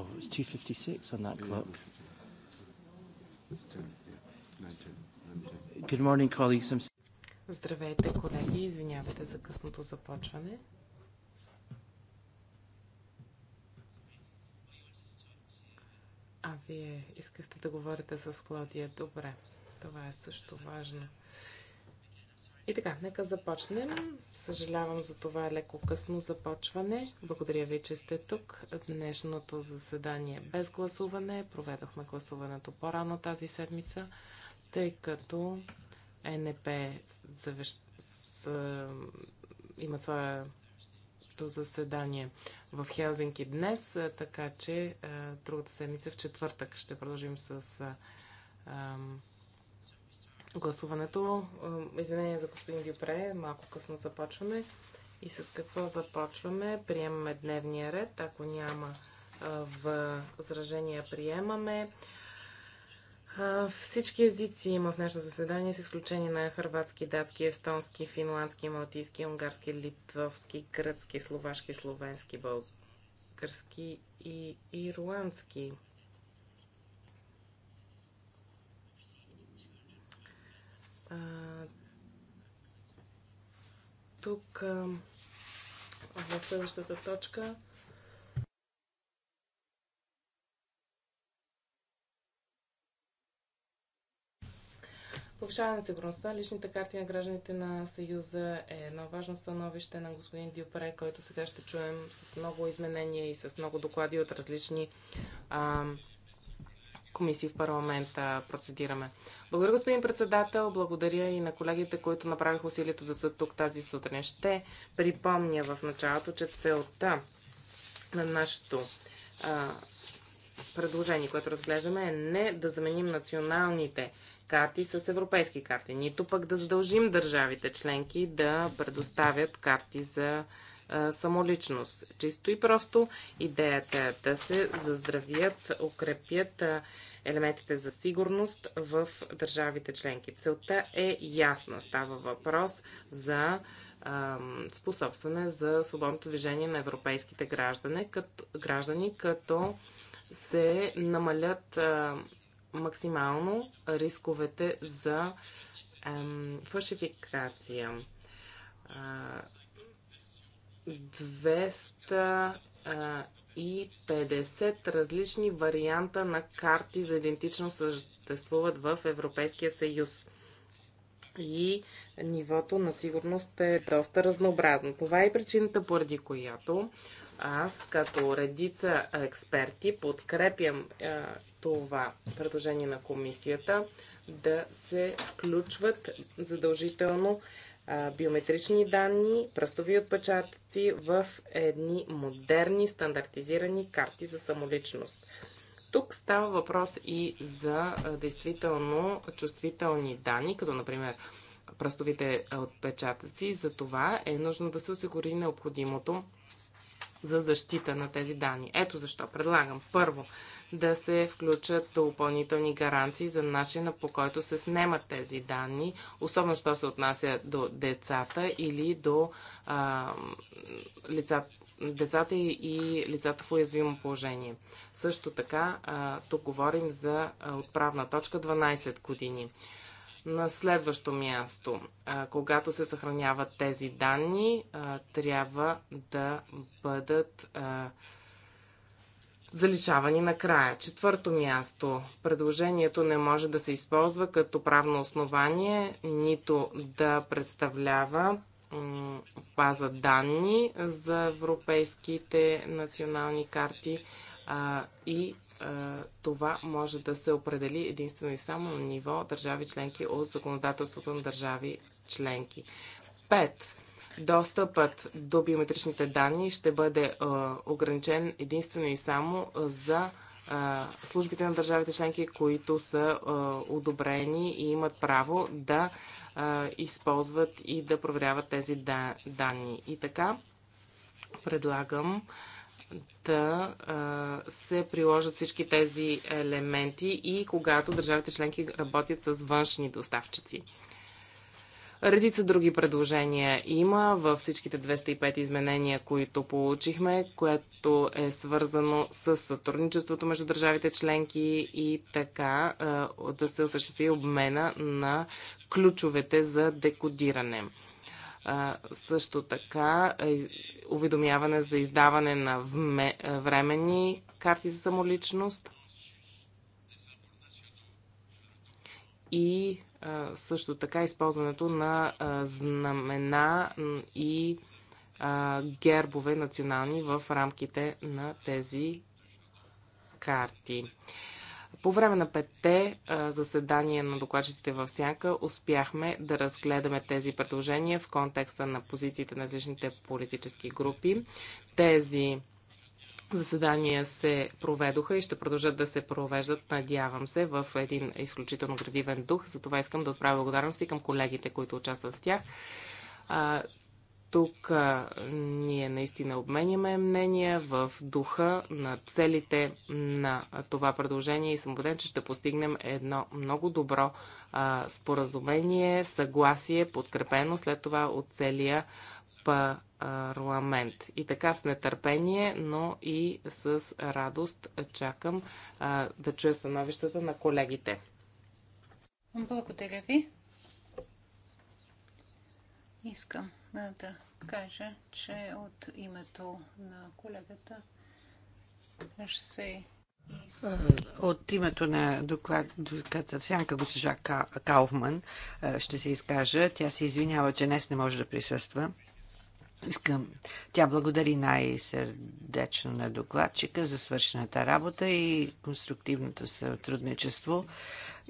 Oh, it's 2.56 on that clock. Good morning, colleagues. I'm... Здравейте, колеги. Извинявайте за късното започване. А вие искахте да говорите с Клодия. Добре. Това е също важно. И така, нека започнем. Съжалявам за това леко късно започване. Благодаря ви, че сте тук. Днешното заседание е без гласуване. Проведохме гласуването по-рано тази седмица, тъй като НП завещ... с... има своето заседание в Хелзинки днес, така че другата седмица в четвъртък ще продължим с гласуването. Извинение за господин Дюпре, малко късно започваме. И с какво започваме? Приемаме дневния ред. Ако няма възражения, приемаме. Всички езици има в нашето заседание, с изключение на хрватски, датски, естонски, финландски, малтийски, унгарски, литвовски, гръцки, словашки, словенски, български и ирландски. А, тук а, в следващата точка Повишаване на сигурността. Личните карти на гражданите на Съюза е едно важно становище на господин Дюпре, който сега ще чуем с много изменения и с много доклади от различни а, комисии в парламента процедираме. Благодаря, господин председател. Благодаря и на колегите, които направиха усилието да са тук тази сутрин. Ще припомня в началото, че целта на нашето а, предложение, което разглеждаме, е не да заменим националните карти с европейски карти, нито пък да задължим държавите членки да предоставят карти за самоличност. Чисто и просто идеята е да се заздравят, укрепят елементите за сигурност в държавите членки. Целта е ясна. Става въпрос за способстване за свободното движение на европейските граждани, като, граждани, като се намалят а, максимално рисковете за а, фалшификация. А, 250 различни варианта на карти за идентичност съществуват в Европейския съюз. И нивото на сигурност е доста разнообразно. Това е причината, поради която аз, като редица експерти, подкрепям е, това предложение на комисията да се включват задължително биометрични данни, пръстови отпечатъци в едни модерни стандартизирани карти за самоличност. Тук става въпрос и за действително чувствителни данни, като например пръстовите отпечатъци. За това е нужно да се осигури необходимото за защита на тези данни. Ето защо предлагам първо да се включат допълнителни гаранции за начина по който се снемат тези данни, особено що се отнася до децата или до а, лица, децата и лицата в уязвимо положение. Също така, а, тук говорим за отправна точка 12 години. На следващо място, а, когато се съхраняват тези данни, а, трябва да бъдат а, заличавани накрая. Четвърто място. Предложението не може да се използва като правно основание, нито да представлява база данни за европейските национални карти а, и а, това може да се определи единствено и само на ниво държави членки от законодателството на държави членки. Пет. Достъпът до биометричните данни ще бъде ограничен единствено и само за службите на държавите членки, които са одобрени и имат право да използват и да проверяват тези данни. И така предлагам да се приложат всички тези елементи и когато държавите членки работят с външни доставчици. Редица други предложения има във всичките 205 изменения, които получихме, което е свързано с сътрудничеството между държавите членки и така да се осъществи обмена на ключовете за декодиране. Също така уведомяване за издаване на временни карти за самоличност и също така използването на знамена и гербове национални в рамките на тези карти. По време на петте заседания на докладчиците в Сянка успяхме да разгледаме тези предложения в контекста на позициите на различните политически групи. Тези Заседания се проведоха и ще продължат да се провеждат, надявам се, в един изключително градивен дух. Затова искам да отправя благодарности към колегите, които участват в тях. А, тук а, ние наистина обменяме мнения в духа на целите на това предложение и съм убеден, че ще постигнем едно много добро а, споразумение, съгласие, подкрепено след това от целия па, парламент. И така с нетърпение, но и с радост чакам а, да чуя становищата на колегите. Благодаря ви. Искам да кажа, че от името на колегата ще се от името на докладката Сянка госпожа Кауфман ще се изкажа. Тя се извинява, че днес не може да присъства. Искам. Тя благодари най-сърдечно на докладчика за свършената работа и конструктивното сътрудничество.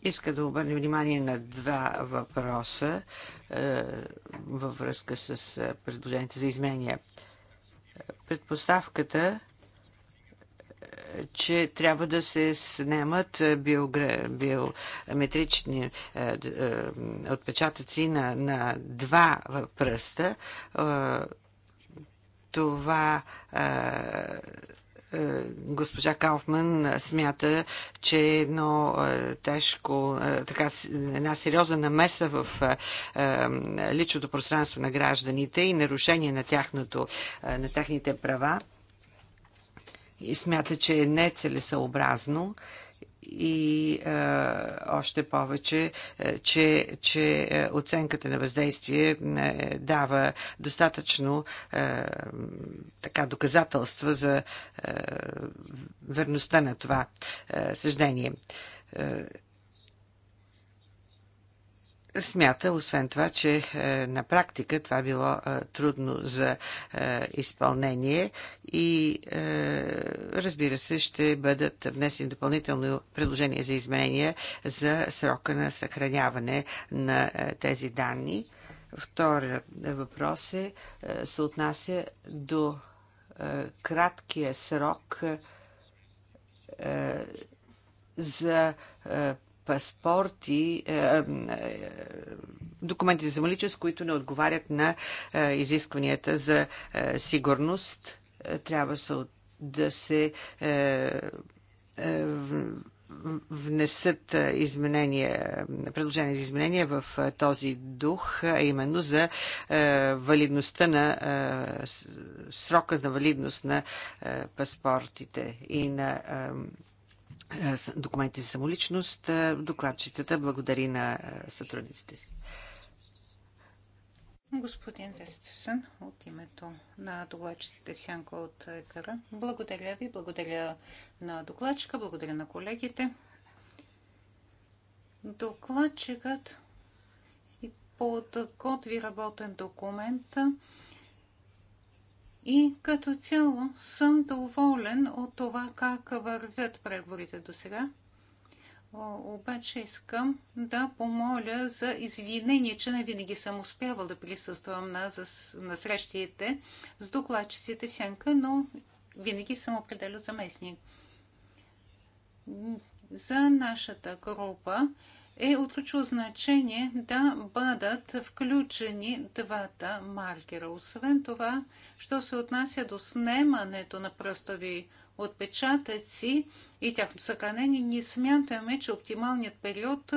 Иска да обърне внимание на два въпроса е, във връзка с е, предложението за изменения. Предпоставката е, че трябва да се снемат е, биометрични отпечатъци на, на два пръста това госпожа Кауфман смята, че едно тежко, така, една сериозна намеса в личното пространство на гражданите и нарушение на, тяхното, на техните права и смята, че е нецелесъобразно и а, още повече, е, че, че е, оценката на въздействие е, дава достатъчно а, така, доказателства за а, верността на това а, съждение. Смята, освен това, че е, на практика това било е, трудно за е, изпълнение и разбира се, ще бъдат внесени допълнително предложения за изменения за срока на съхраняване на тези данни. Втория въпрос е, се отнася до краткия срок за паспорти, е, е, документи за самоличност, които не отговарят на е, изискванията за сигурност. Трябва се да се внесат изменения, предложения за изменения в този дух, а именно за валидността на срока на валидност на паспортите и на е, документи за самоличност. Е, докладчицата благодари на е, сътрудниците си. Господин Вестесън, от името на докладчиците в Сянка от ЕКР, благодаря ви, благодаря на докладчика, благодаря на колегите. Докладчикът и подготви работен документ, и като цяло съм доволен от това как вървят преговорите до сега. Обаче искам да помоля за извинение, че не винаги съм успявал да присъствам на, на срещите с докладчиците в сянка, но винаги съм определил заместник. За нашата група е от ключово значение да бъдат включени двата маркера. Освен това, що се отнася до снемането на пръстови отпечатъци и тяхното съхранение, ние смятаме, че оптималният период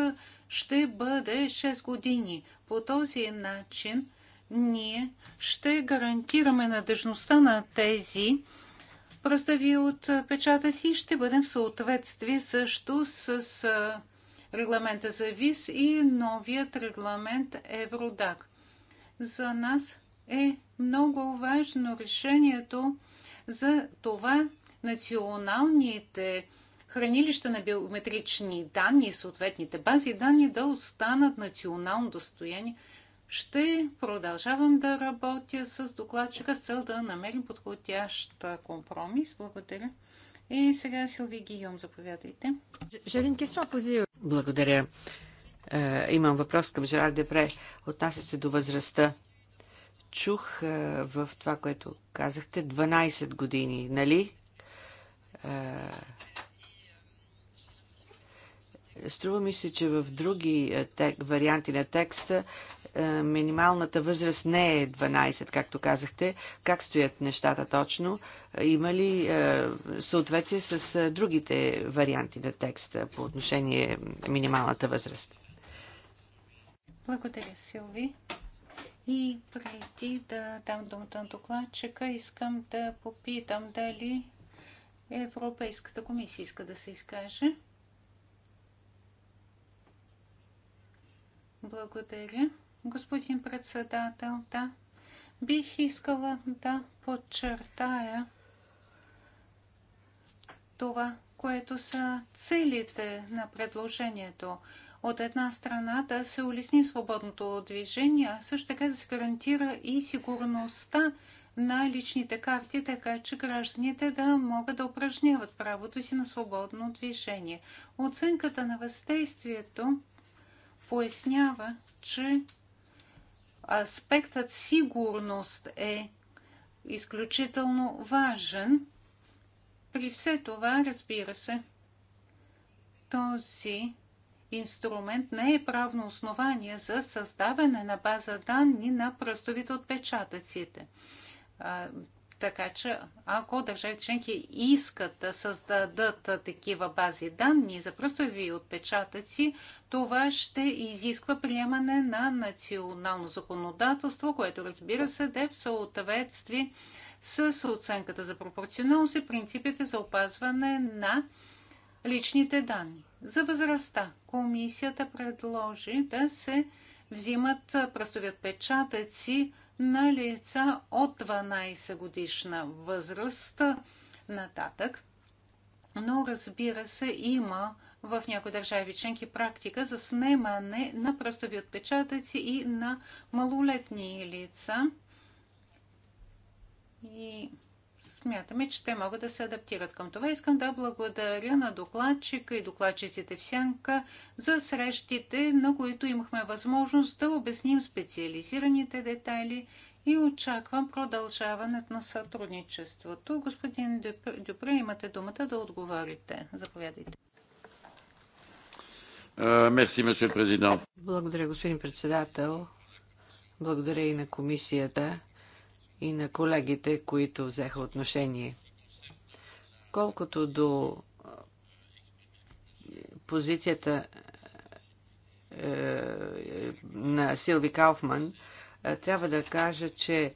ще бъде 6 години. По този начин ние ще гарантираме надежността на тези пръстови отпечатъци и ще бъдем в съответствие също с регламента за ВИС и новият регламент Евродак. За нас е много важно решението за това националните хранилища на биометрични данни и съответните бази данни да останат национално достояние. Ще продължавам да работя с докладчика с цел да намерим подходящ компромис. Благодаря. И сега Силви Гийом, заповядайте. Благодаря. Е, имам въпрос към Жерар Депре. Отнася се до възрастта. Чух е, в това, което казахте, 12 години, нали? Е, струва ми се, че в други варианти на текста е, минималната възраст не е 12, както казахте. Как стоят нещата точно? Има ли е, съответствие с е, другите варианти на текста по отношение минималната възраст? Благодаря, Силви. И преди да дам думата на докладчика, искам да попитам дали Европейската комисия иска да се изкаже. Благодаря господин председател. Да, бих искала да подчертая това, което са целите на предложението. От една страна да се улесни свободното движение, а също така да се гарантира и сигурността на личните карти, така че гражданите да могат да упражняват правото си на свободно движение. Оценката на въздействието пояснява, че аспектът сигурност е изключително важен. При все това, разбира се, този инструмент не е правно основание за създаване на база данни на пръстовите отпечатъците. Така че, ако държавите членки искат да създадат такива бази данни за пръстови отпечатъци, това ще изисква приемане на национално законодателство, което разбира се да е в съответствие с оценката за пропорционалност и принципите за опазване на личните данни. За възрастта комисията предложи да се взимат пръстови отпечатъци на лица от 12 годишна възраст нататък. Но разбира се, има в някои държави членки практика за снемане на пръстови отпечатъци и на малолетни лица. И смятаме, че те могат да се адаптират към това. Искам да благодаря на докладчика и докладчиците в Сянка за срещите, на които имахме възможност да обясним специализираните детайли и очаквам продължаването на сътрудничеството. Господин Дюпре, имате думата да отговорите. Заповядайте. Мерси, Благодаря, господин председател. Благодаря и на комисията и на колегите, които взеха отношение. Колкото до позицията е, на Силви Кауфман, трябва да кажа, че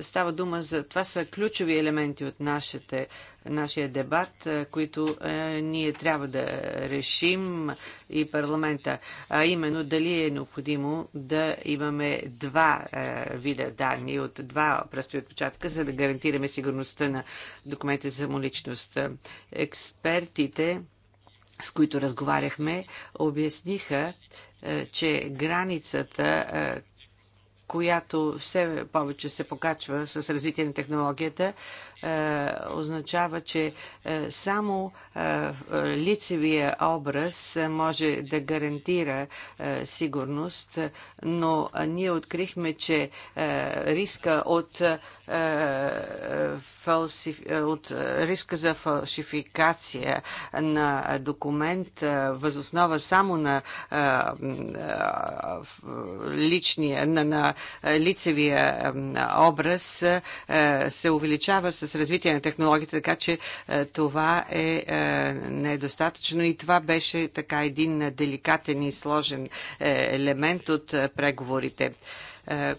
Става дума за... Това са ключови елементи от нашите, нашия дебат, които е, ние трябва да решим и парламента. А именно дали е необходимо да имаме два е, вида данни от два пръстови отпечатка, за да гарантираме сигурността на документите за самоличност. Експертите с които разговаряхме, обясниха, че границата, която все повече се покачва с развитие на технологията, е, означава, че е, само е, лицевия образ може да гарантира сигурност, но ние открихме, че риска от от риска за фалшификация на документ възоснова само на личния, на, на лицевия образ се увеличава с с развитие на технологията, така че е, това е, е недостатъчно и това беше така един деликатен и сложен е, елемент от преговорите.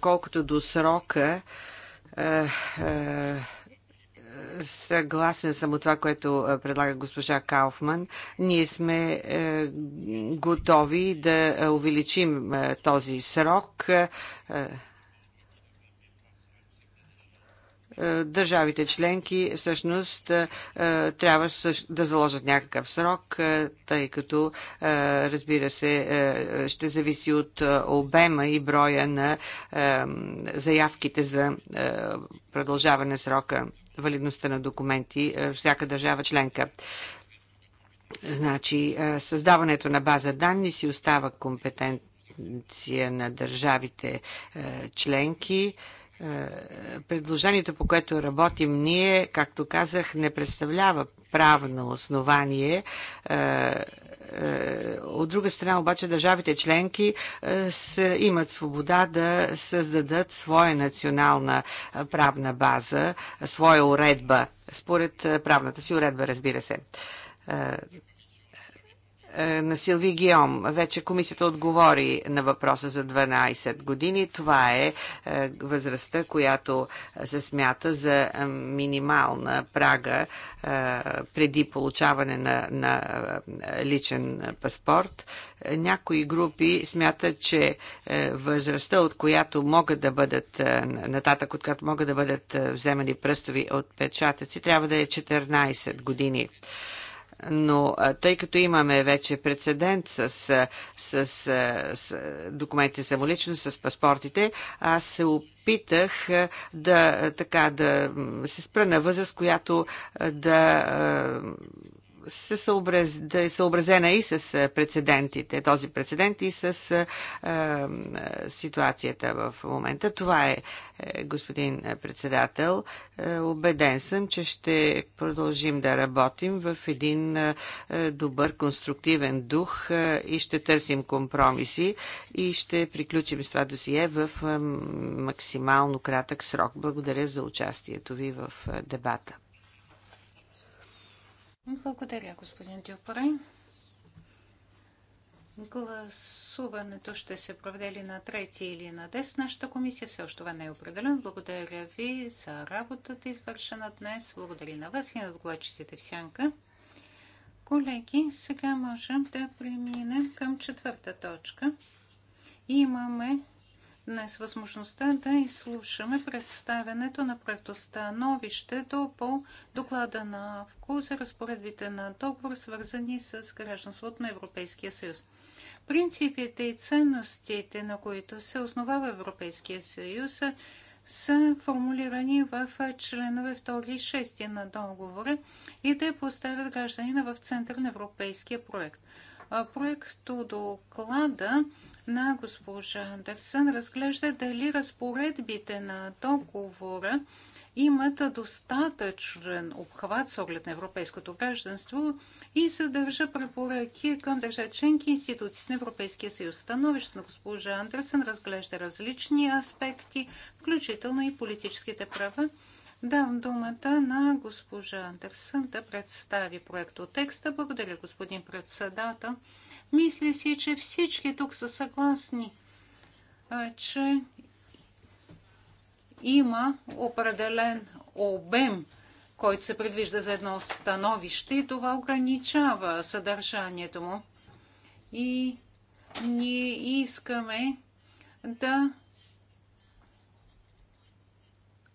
Колкото до срока, съгласен съм от това, което предлага госпожа Кауфман. Ние сме готови да увеличим този срок е, държавите членки всъщност е, е, трябва да заложат някакъв срок, тъй като разбира се ще зависи от обема и броя на заявките за продължаване срока валидността на документи всяка държава членка. Значи, създаването на база данни си остава компетенция на държавите членки. Е, предложението, по което работим ние, както казах, не представлява правно основание е, е, от друга страна обаче държавите членки имат свобода да създадат своя национална правна база, своя уредба, според правната си уредба, разбира се. Е, на Силви Гиом. Вече комисията отговори на въпроса за 12 години. Това е, е възрастта, която се смята за е, минимална прага преди получаване на, на личен паспорт. Някои групи смятат, че възрастта, от която могат да бъдат нататък, от която могат да бъдат вземани пръстови отпечатъци, трябва да е 14 години но тъй като имаме вече прецедент с, с, с, с документите самоличност, с паспортите, аз се опитах да, така, да се спра на възраст, която да се съобраз, да е съобразена и с прецедентите, този прецедент и с е, ситуацията в момента. Това е, е господин председател. Е, убеден съм, че ще продължим да работим в един е, добър, конструктивен дух е, и ще търсим компромиси и ще приключим с това досие в е, максимално кратък срок. Благодаря за участието ви в дебата. Благодаря, господин Дюпре. Гласуването ще се проведе ли на 3 или на 10. Нашата комисия все още това не е определено. Благодаря ви за работата, извършена днес. Благодаря на вас и на докладчиците в сянка. Колеги, сега можем да преминем към четвърта точка. Имаме днес възможността да изслушаме представянето на проектостановището по доклада на АВКО за разпоредбите на договор, свързани с гражданството на Европейския съюз. Принципите и ценностите, на които се основава Европейския съюз, са формулирани в членове 2 и 6 на договора и да поставят гражданина в център на европейския проект. Проекто доклада на госпожа Андерсън разглежда дали разпоредбите на договора имат достатъчен обхват с оглед на европейското гражданство и съдържа препоръки към държави членки и институции на Европейския съюз. Становището на госпожа Андерсън разглежда различни аспекти, включително и политическите права. Давам думата на госпожа Андерсън да представи проекто текста. Благодаря, господин председател. Мисля си, че всички тук са съгласни, че има определен обем, който се предвижда за едно становище и това ограничава съдържанието му. И ние искаме да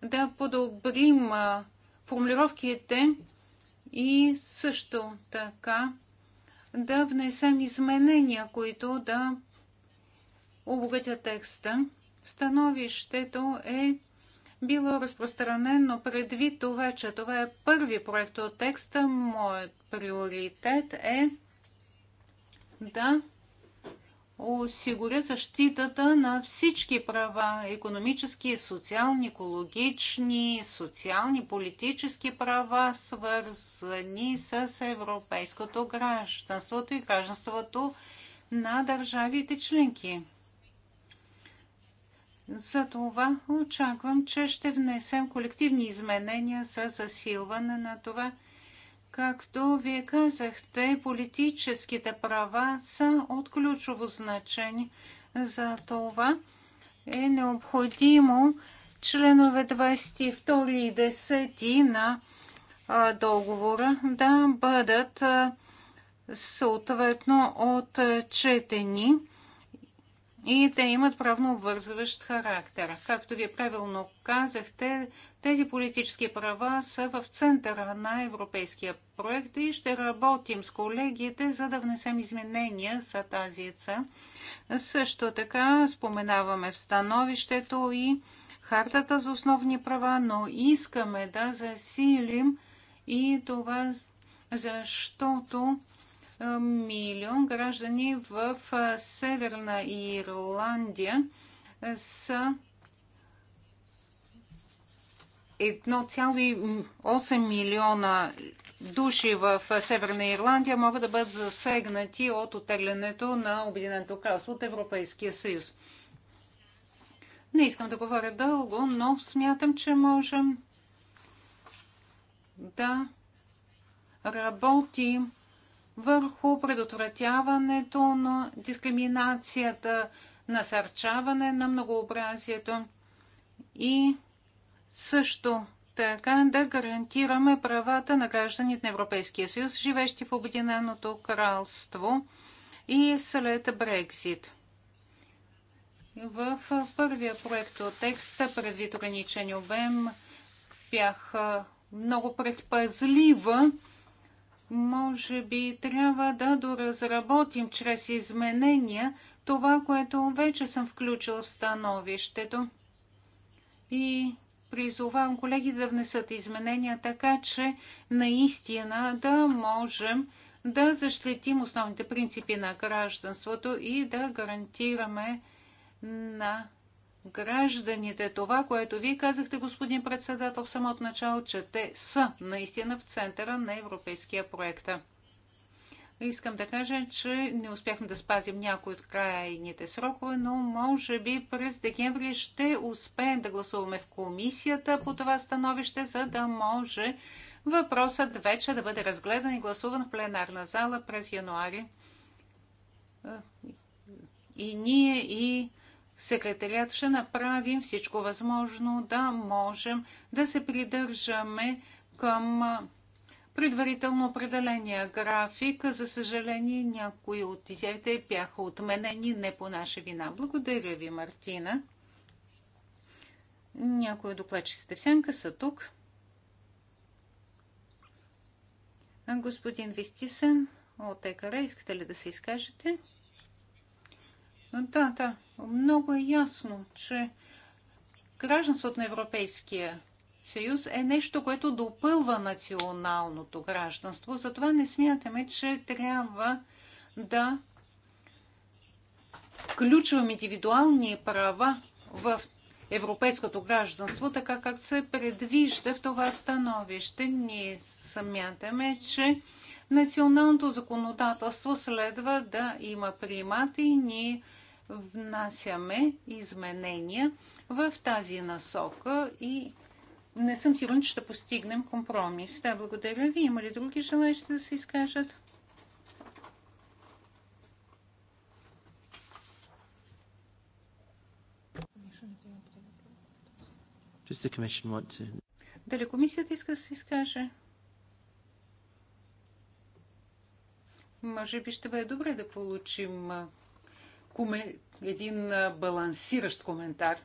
да подобрим формулировките и също така да внесем изменения, които да обогатят текста. Становището е било разпространено предвид това, че това е първи проект от текста. Моят приоритет е да осигуря защитата на всички права, економически, социални, екологични, социални, политически права, свързани с европейското гражданството и гражданството на държавите членки. Затова очаквам, че ще внесем колективни изменения за засилване на това – Както вие казахте, политическите права са от ключово значение. За това е необходимо членове 22 и 10 на договора да бъдат съответно отчетени и да имат правно обвързващ характер. Както вие правилно казахте, тези политически права са в центъра на европейския проект и ще работим с колегите, за да внесем изменения за тази цел. Също така споменаваме в становището и Хартата за основни права, но искаме да засилим и това, защото милион граждани в Северна Ирландия са 1,8 милиона души в Северна Ирландия могат да бъдат засегнати от оттеглянето на Обединеното кралство от Европейския съюз. Не искам да говоря дълго, но смятам, че можем да работим върху предотвратяването на дискриминацията, насърчаване на многообразието и също така да гарантираме правата на гражданите на Европейския съюз, живещи в Обединеното кралство и след Брекзит. В първия проект от текста, предвид ограничен обем, бях много предпазлива. Може би трябва да доразработим чрез изменения това, което вече съм включил в становището. И призовавам колеги, да внесат изменения, така че наистина да можем да защитим основните принципи на гражданството и да гарантираме на гражданите това, което вие казахте, господин председател, в самото начало, че те са наистина в центъра на европейския проект. Искам да кажа, че не успяхме да спазим някои от крайните срокове, но може би през декември ще успеем да гласуваме в комисията по това становище, за да може въпросът вече да бъде разгледан и гласуван в пленарна зала през януари. И ние и секретарият ще направим всичко възможно да можем да се придържаме към предварително определения график. За съжаление, някои от изявите бяха отменени не по наша вина. Благодаря ви, Мартина. Някои от докладчиците в сянка са тук. Господин Вистисен от ЕКР, искате ли да се изкажете? Да, да. Много е ясно, че гражданството на Европейския съюз е нещо, което допълва националното гражданство. Затова не смятаме, че трябва да включвам индивидуални права в европейското гражданство, така как се предвижда в това становище. Ние смятаме, че националното законодателство следва да има примат и ние внасяме изменения в тази насока и не съм сигурен, че ще постигнем компромис. Да, благодаря ви. Има ли други желаящи да се изкажат? To... Дали комисията иска да се изкаже? Може би ще бъде добре да получим един балансиращ коментар.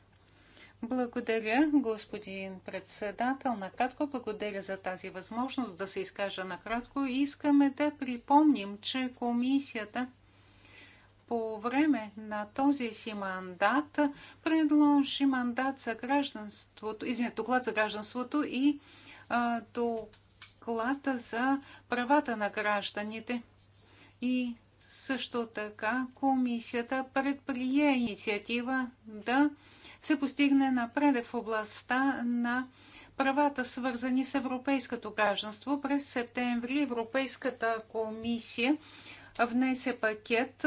Благодаря, господин председател. Накратко благодаря за тази възможност да се изкажа накратко. Искаме да припомним, че комисията по време на този си мандат предложи мандат за гражданството, извинете, доклад за гражданството и а, доклада за правата на гражданите. И също така комисията предприе инициатива да се постигне напредък в областта на правата, свързани с европейското гражданство. През септември Европейската комисия внесе пакет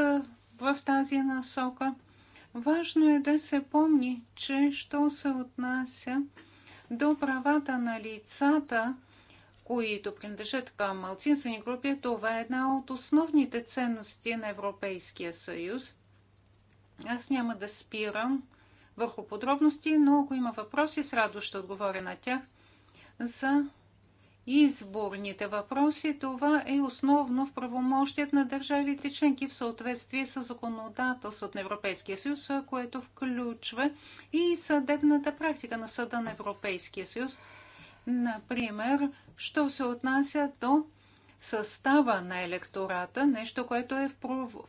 в тази насока. Важно е да се помни, че що се отнася до правата на лицата, които принадлежат към малцинствени групи, това е една от основните ценности на Европейския съюз. Аз няма да спирам върху подробности, но ако има въпроси, с радост ще отговоря на тях. За изборните въпроси това е основно в правомощият на държавите членки в съответствие с законодателството на Европейския съюз, което включва и съдебната практика на Съда на Европейския съюз. Например, що се отнася до състава на електората, нещо, което е в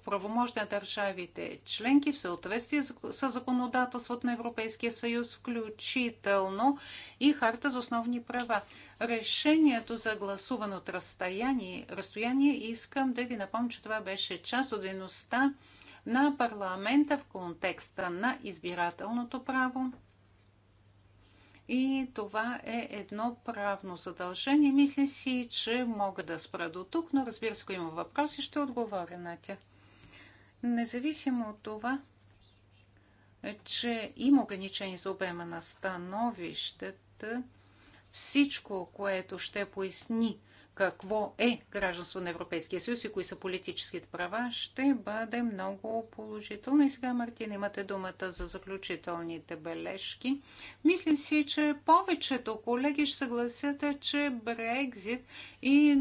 правомощ на държавите членки в съответствие с законодателството на Европейския съюз, включително и Харта за основни права. Решението за гласуване от разстояние, разстояние искам да ви напомня, че това беше част от дейността на парламента в контекста на избирателното право и това е едно правно задължение. Мисля си, че мога да спра до тук, но разбира се, ако има въпроси, ще отговоря на тях. Независимо от това, че има ограничение за обема на становищата, всичко, което ще поясни какво е гражданство на Европейския съюз и кои са политическите права, ще бъде много положително. И сега, Мартин, имате думата за заключителните бележки. Мисля си, че повечето колеги ще съгласят, че Брекзит и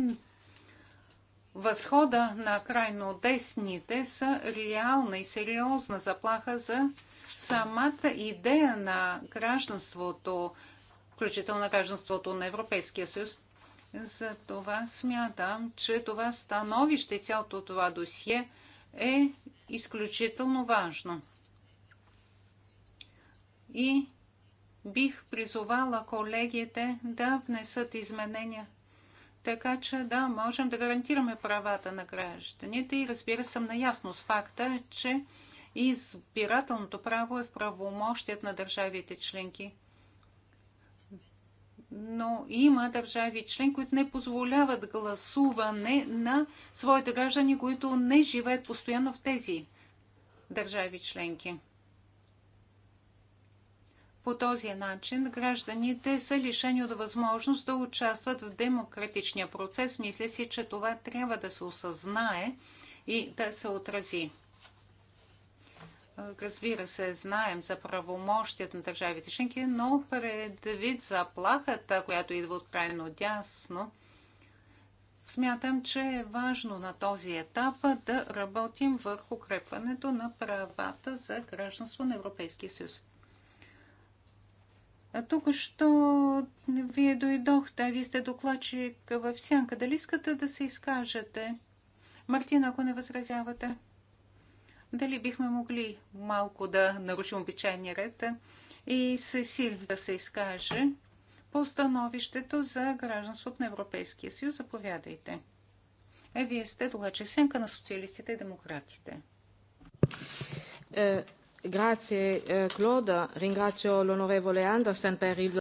възхода на крайно десните са реална и сериозна заплаха за самата идея на гражданството, включително на гражданството на Европейския съюз. За това смятам, че това становище, цялото това досие е изключително важно. И бих призовала колегите да внесат изменения. Така че да, можем да гарантираме правата на гражданите и разбира съм наясно с факта, че избирателното право е в правомощият на държавите членки но има държави член, които не позволяват гласуване на своите граждани, които не живеят постоянно в тези държави членки. По този начин гражданите са лишени от възможност да участват в демократичния процес. Мисля си, че това трябва да се осъзнае и да се отрази. Разбира се, знаем за правомощият на държавите членки, но предвид заплахата, която идва от крайно дясно, смятам, че е важно на този етап да работим върху укрепването на правата за гражданство на Европейския съюз. Тук, що вие дойдохте, вие сте докладчик във сянка. Дали искате да се изкажете? Мартина, ако не възразявате дали бихме могли малко да нарушим обичайния ред и сил да се изкаже по становището за гражданството на Европейския съюз. Заповядайте. Е, вие сте докладчик сенка на социалистите и демократите. Е, грация, е, Клода. Ringrazio l'onorevole per il...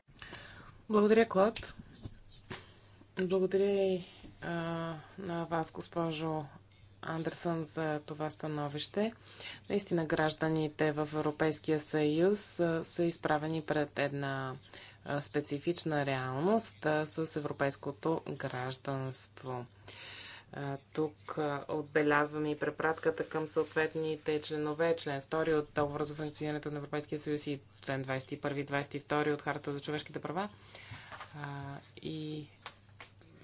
Благодаря, Клод. Благодаря и на вас, госпожо Андерсън за това становище. Наистина гражданите в Европейския съюз са изправени пред една специфична реалност с европейското гражданство. Тук отбелязваме и препратката към съответните членове, член 2 от Договора за функционирането на Европейския съюз и член 21 22 от Харта за човешките права. И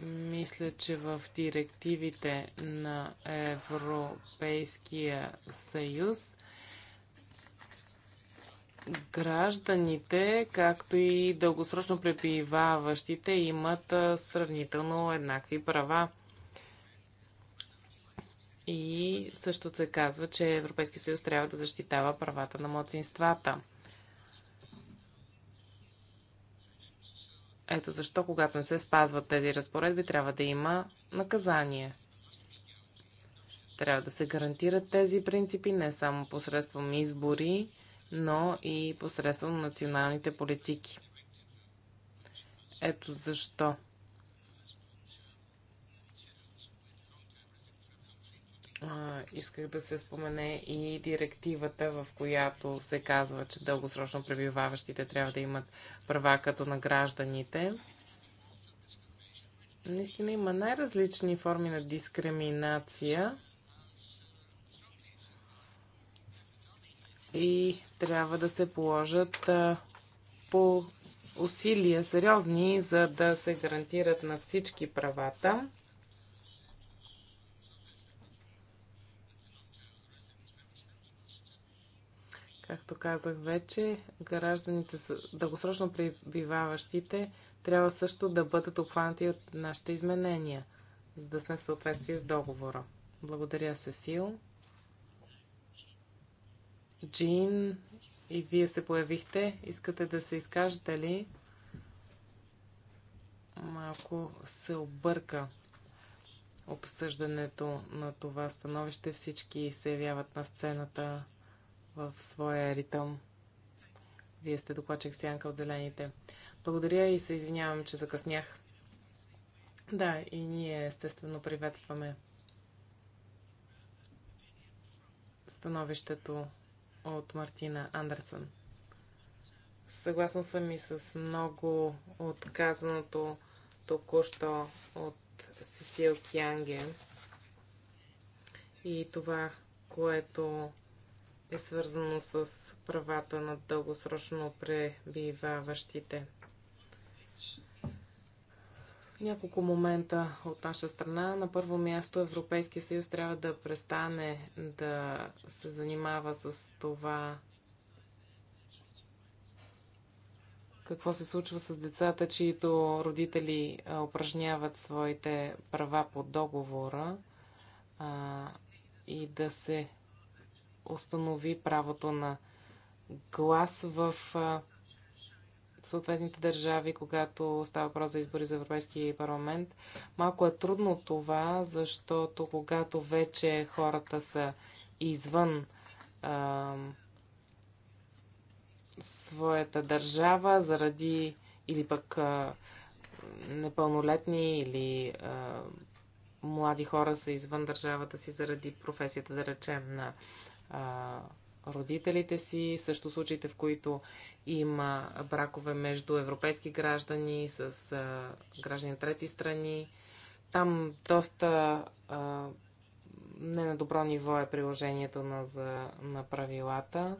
мисля, че в директивите на Европейския съюз гражданите, както и дългосрочно пребиваващите имат сравнително еднакви права. И също се казва, че Европейския съюз трябва да защитава правата на младсинствата. Ето защо, когато не се спазват тези разпоредби, трябва да има наказание. Трябва да се гарантират тези принципи не само посредством избори, но и посредством националните политики. Ето защо а, исках да се спомене и директивата, в която се казва, че дългосрочно пребиваващите трябва да имат права като на гражданите. Наистина има най-различни форми на дискриминация и трябва да се положат а, по усилия сериозни, за да се гарантират на всички правата Както казах вече, гражданите дългосрочно пребиваващите трябва също да бъдат обхванати от нашите изменения, за да сме в съответствие с договора. Благодаря, Сесил. Джин, и вие се появихте. Искате да се изкажете ли? Малко се обърка обсъждането на това становище. Всички се явяват на сцената в своя ритъм. Вие сте докладчик Сянка от Зелените. Благодаря и се извинявам, че закъснях. Да, и ние естествено приветстваме становището от Мартина Андерсън. Съгласна съм и с много отказаното току-що от Сесил Кянге и това, което е свързано с правата на дългосрочно пребиваващите. Няколко момента от наша страна. На първо място Европейския съюз трябва да престане да се занимава с това какво се случва с децата, чието родители упражняват своите права по договора а, и да се установи правото на глас в съответните държави, когато става въпрос за избори за Европейски парламент. Малко е трудно това, защото когато вече хората са извън а, своята държава, заради или пък а, непълнолетни или а, млади хора са извън държавата си заради професията, да речем, на а, родителите си, също случаите, в които има бракове между европейски граждани с а, граждани на трети страни. Там доста а, не на добро ниво е приложението на, за, на правилата.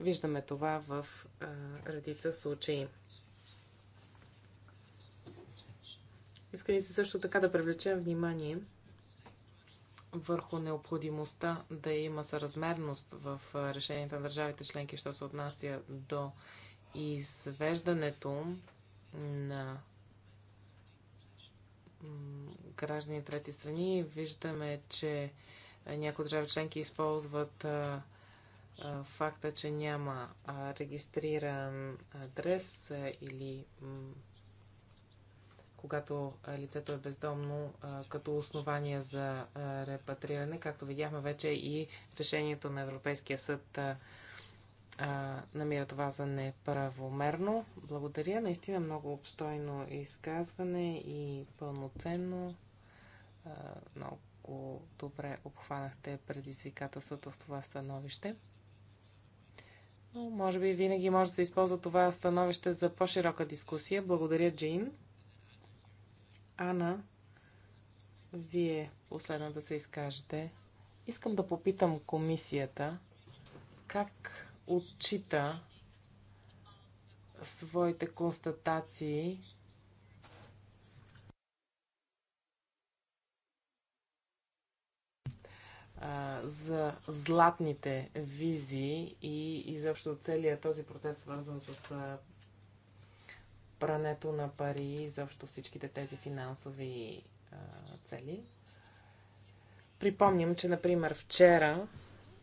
Виждаме това в а, редица случаи. Искали се също така да привлечем внимание върху необходимостта да има съразмерност в решенията на държавите членки, що се отнася до извеждането на граждани трети страни. Виждаме, че някои държави членки използват факта, че няма регистриран адрес или когато лицето е бездомно като основание за репатриране. Както видяхме вече и решението на Европейския съд намира това за неправомерно. Благодаря. Наистина много обстойно изказване и пълноценно. Много добре обхванахте предизвикателството в това становище. Но може би винаги може да се използва това становище за по-широка дискусия. Благодаря, Джин. Ана, вие последна да се изкажете. Искам да попитам комисията как отчита своите констатации за златните визии и изобщо целият този процес, свързан с прането на пари и защо всичките тези финансови а, цели. Припомням, че, например, вчера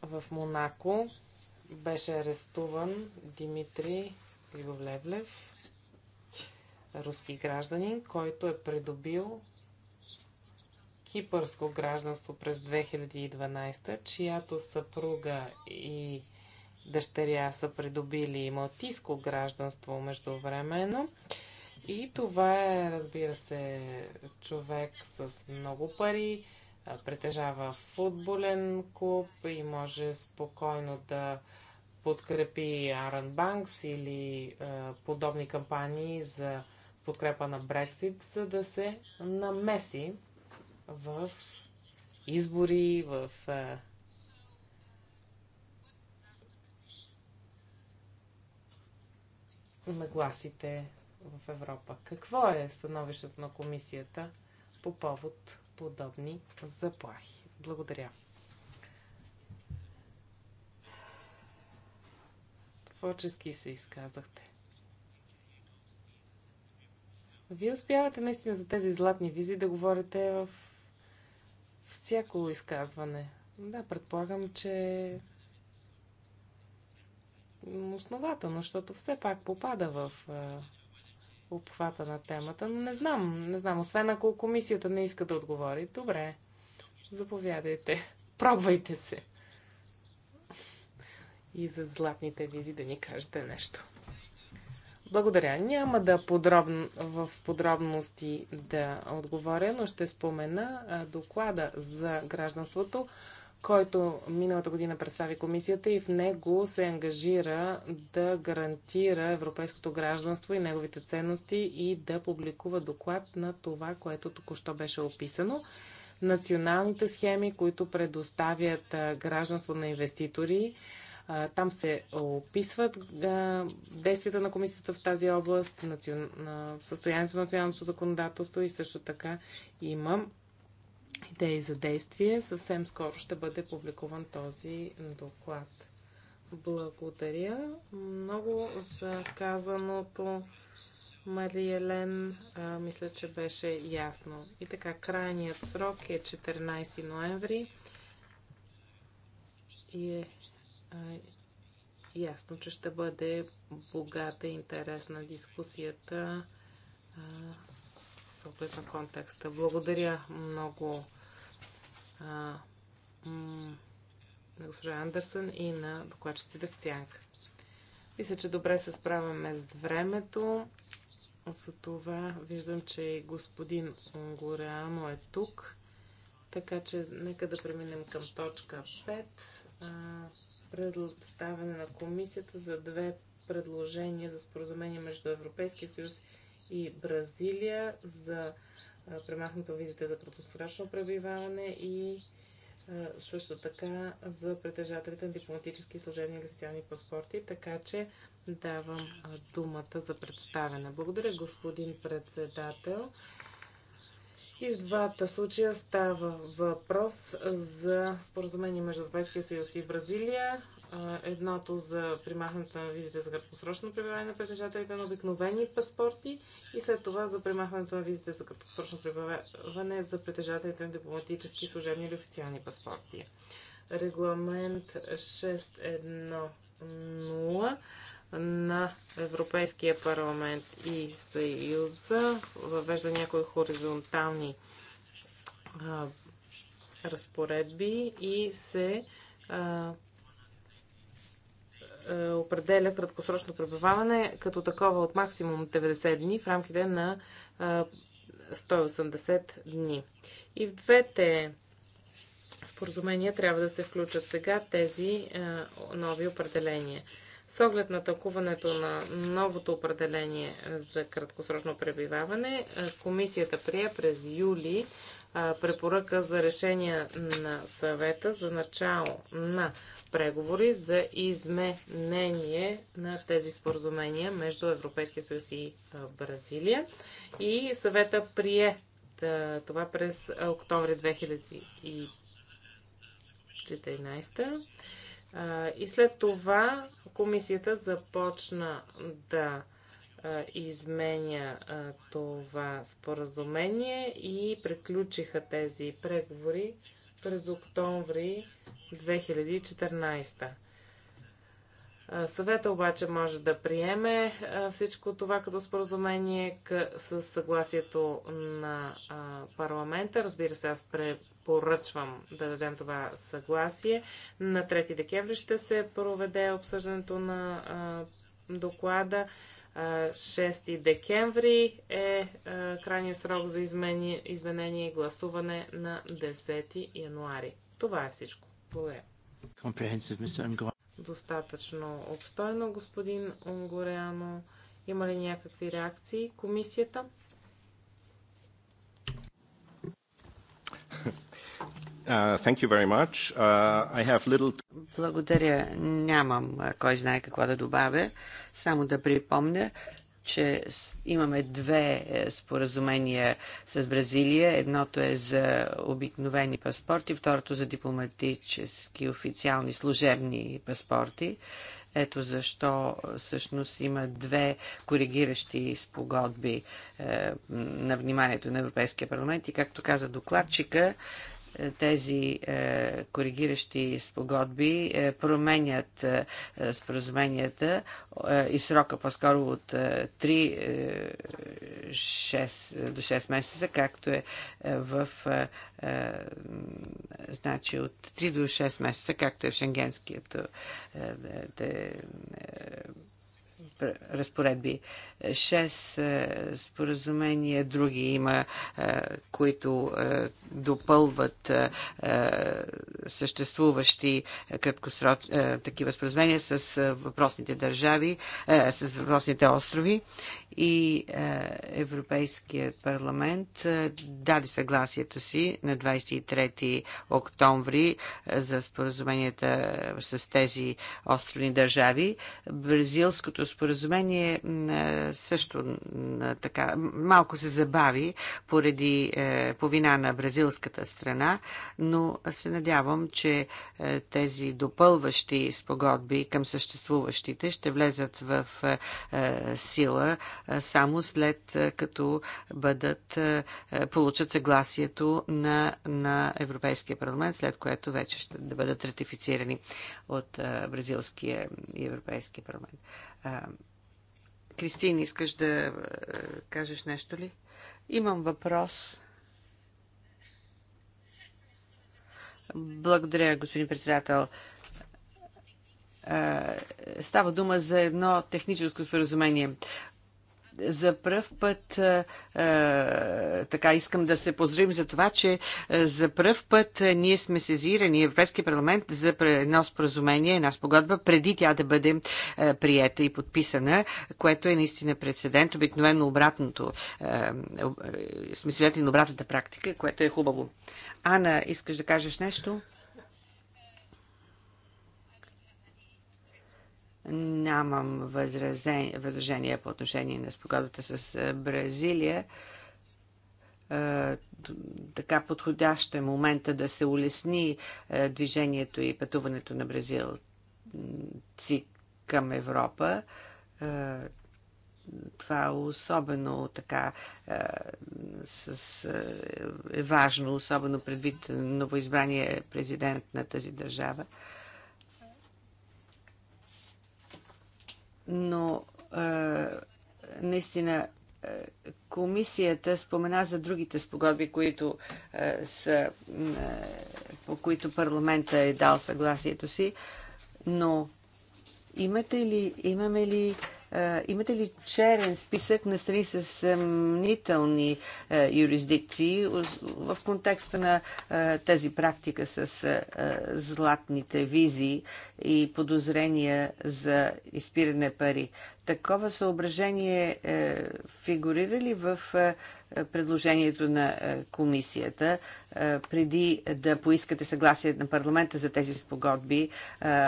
в Монако беше арестуван Димитри Грибовлевлев, руски гражданин, който е придобил кипърско гражданство през 2012, чиято съпруга и дъщеря са придобили малтийско гражданство междувременно. И това е, разбира се, човек с много пари, притежава футболен клуб и може спокойно да подкрепи Аран Банкс или е, подобни кампании за подкрепа на Брексит, за да се намеси в избори, в е, нагласите в Европа. Какво е становището на комисията по повод подобни заплахи? Благодаря. Творчески се изказахте. Вие успявате наистина за тези златни визи да говорите в всяко изказване. Да, предполагам, че основателно, защото все пак попада в е, обхвата на темата. Но не знам, не знам, освен ако комисията не иска да отговори. Добре, заповядайте, пробвайте се. И за златните визи да ни кажете нещо. Благодаря. Няма да подробно, в подробности да отговоря, но ще спомена е, доклада за гражданството който миналата година представи комисията и в него се ангажира да гарантира европейското гражданство и неговите ценности и да публикува доклад на това, което току-що беше описано. Националните схеми, които предоставят гражданство на инвеститори, там се описват действията на комисията в тази област, състоянието на националното законодателство и също така има идеи за действие. Съвсем скоро ще бъде публикуван този доклад. Благодаря много за казаното, Мариелен. А, мисля, че беше ясно. И така, крайният срок е 14 ноември. И е а, ясно, че ще бъде богата и интересна дискусията а, съответно контекста. Благодаря много а, на госпожа Андерсън и на докладчиците в Сянка. Мисля, че добре се справяме с времето. За това виждам, че господин Гореано е тук. Така че нека да преминем към точка 5. А, на комисията за две предложения за споразумение между Европейския съюз и и Бразилия за премахната визите за краткосрочно пребиваване и също така за притежателите на дипломатически, служебни или официални паспорти, така че давам думата за представяне. Благодаря, господин председател. И в двата случая става въпрос за споразумение между Европейския съюз и Бразилия едното за примахването на визите за краткосрочно пребиваване на притежателите на обикновени паспорти и след това за примахването на визите за краткосрочно пребиваване за притежателите на дипломатически, служебни или официални паспорти. Регламент 610 на Европейския парламент и Съюза въвежда някои хоризонтални а, разпоредби и се а, е, определя краткосрочно пребиваване като такова от максимум 90 дни в рамките на 180 е, дни. И в двете споразумения трябва да се включат сега тези е, нови определения. С оглед на тълкуването на новото определение за краткосрочно пребиваване, комисията прие през юли препоръка за решение на съвета за начало на преговори за изменение на тези споразумения между Европейския съюз и Бразилия. И съвета прие това през октомври 2014. И след това комисията започна да изменя това споразумение и приключиха тези преговори през октомври 2014. Съвета обаче може да приеме всичко това като споразумение с съгласието на парламента. Разбира се, аз препоръчвам да дадем това съгласие. На 3 декември ще се проведе обсъждането на доклада. 6 декември е крайният срок за изменение и гласуване на 10 януари. Това е всичко. Благодаря. Достатъчно обстойно, господин Унгоряно. Има ли някакви реакции? Комисията? Uh, uh, little... Благодаря. Нямам кой знае какво да добавя. Само да припомня, че имаме две е, споразумения с Бразилия. Едното е за обикновени паспорти, второто за дипломатически, официални, служебни паспорти. Ето защо е, всъщност има две коригиращи спогодби е, на вниманието на Европейския парламент и както каза докладчика, тези е, коригиращи спогодби е, променят е, споразуменията е, и срока по-скоро от 3 е, 6, е, до 6 месеца, както е в значи от 3 до 6 месеца, както е в шенгенският разпоредби. Шест е, споразумения други има, е, които е, допълват съществуващи краткосроч... такива споразумения с въпросните държави, с въпросните острови и Европейският парламент даде съгласието си на 23 октомври за споразуменията с тези островни държави. Бразилското споразумение споразумение е, също е, така малко се забави поради е, повина на бразилската страна, но се надявам, че тези допълващи спогодби към съществуващите ще влезат в сила само след като бъдат получат съгласието на, на Европейския парламент, след което вече ще бъдат ратифицирани от бразилския и Европейския парламент. Кристин, искаш да кажеш нещо ли? Имам въпрос. Благодаря, господин председател. Става дума за едно техническо споразумение за пръв път е, така искам да се поздравим за това, че е, за пръв път е, ние сме сезирани Европейския парламент за едно споразумение, една спогодба, преди тя да бъде е, приета и подписана, което е наистина прецедент, обикновено обратното. Е, сме свидетели на обратната практика, което е хубаво. Ана, искаш да кажеш нещо? Нямам възражения по отношение на спогодбата с е, Бразилия. Е, така подходящ е момента да се улесни е, движението и пътуването на бразилци към Европа това е особено така е, с, е, важно, особено предвид новоизбрания президент на тази държава. но а, наистина а, комисията спомена за другите спогодби, които а, са, а, по които парламента е дал съгласието си, но имате ли, имаме ли Имате ли черен списък на страни с съмнителни юрисдикции в контекста на тази практика с златните визи и подозрения за изпиране пари? Такова съображение е, фигурира ли в предложението на е, комисията. Е, преди да поискате съгласие на парламента за тези спогодби, е,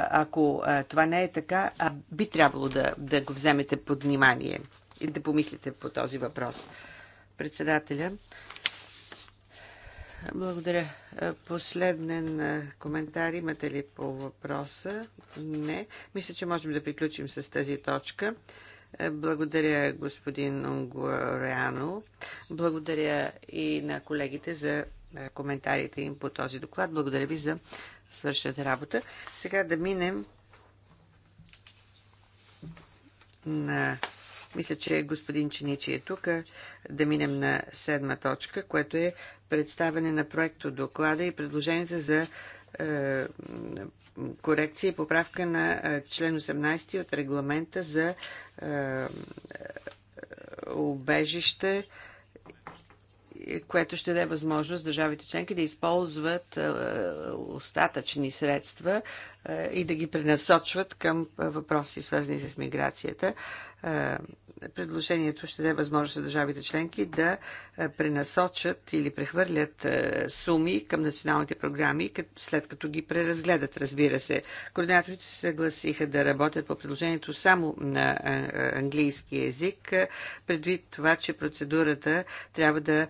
ако това не е така, би трябвало да, да го вземете под внимание и да помислите по този въпрос. Председателя, благодаря. Последен коментар имате ли по въпроса? Не. Мисля, че можем да приключим с тази точка. Благодаря, господин Гореано. Благодаря и на колегите за е, коментарите им по този доклад. Благодаря ви за свършената работа. Сега да минем на... Мисля, че господин Чиничи е тук. Да минем на седма точка, което е представяне на проекто доклада и предложенията за е, корекция и поправка на член 18 от регламента за убежище, което ще даде възможност държавите членки да използват остатъчни средства и да ги пренасочват към въпроси, свързани с миграцията. Е, предложението ще даде възможност на държавите членки да е, пренасочат или прехвърлят е, суми към националните програми, след като ги преразгледат, разбира се. Координаторите се съгласиха да работят по предложението само на английски язик, предвид това, че процедурата трябва да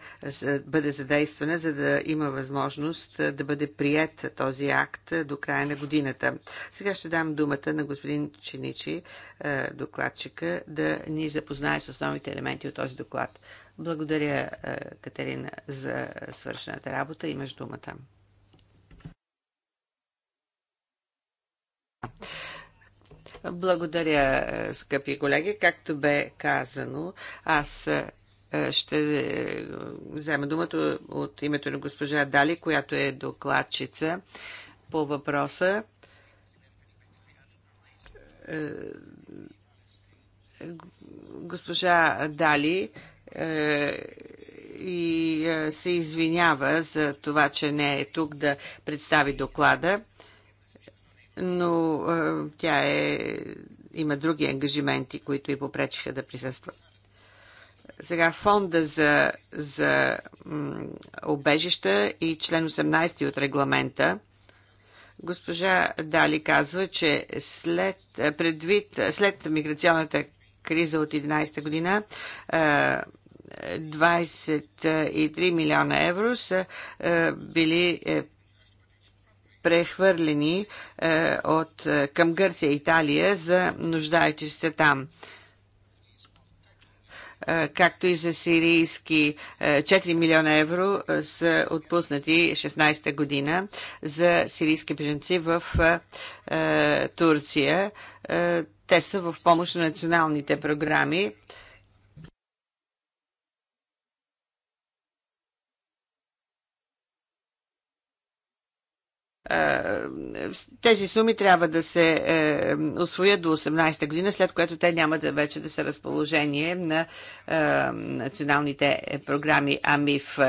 бъде задействана, за да има възможност да бъде прият този акт до края на годината темата. Сега ще дам думата на господин Чиничи, е, докладчика, да ни запознае с основните елементи от този доклад. Благодаря, е, Катерина, за свършената работа. Имаш думата. Благодаря, е, скъпи колеги. Както бе казано, аз ще взема думата от името на госпожа Дали, която е докладчица по въпроса. Е, госпожа Дали е, и е, се извинява за това, че не е тук да представи доклада, но тя е, има други ангажименти, които и попречиха да присъства. Сега фонда за, за обежища и член 18 от регламента – Госпожа Дали казва, че след, е, предвид, е, след миграционната криза от 11 та година, 23 е, милиона евро са били прехвърлени от, към Гърция и Италия за нуждаещи се там както и за сирийски 4 милиона евро са отпуснати 16-та година за сирийски беженци в Турция. Те са в помощ на националните програми Е, тези суми трябва да се е, освоят до 18-та година, след което те няма да вече да са разположение на е, националните програми АМИФ.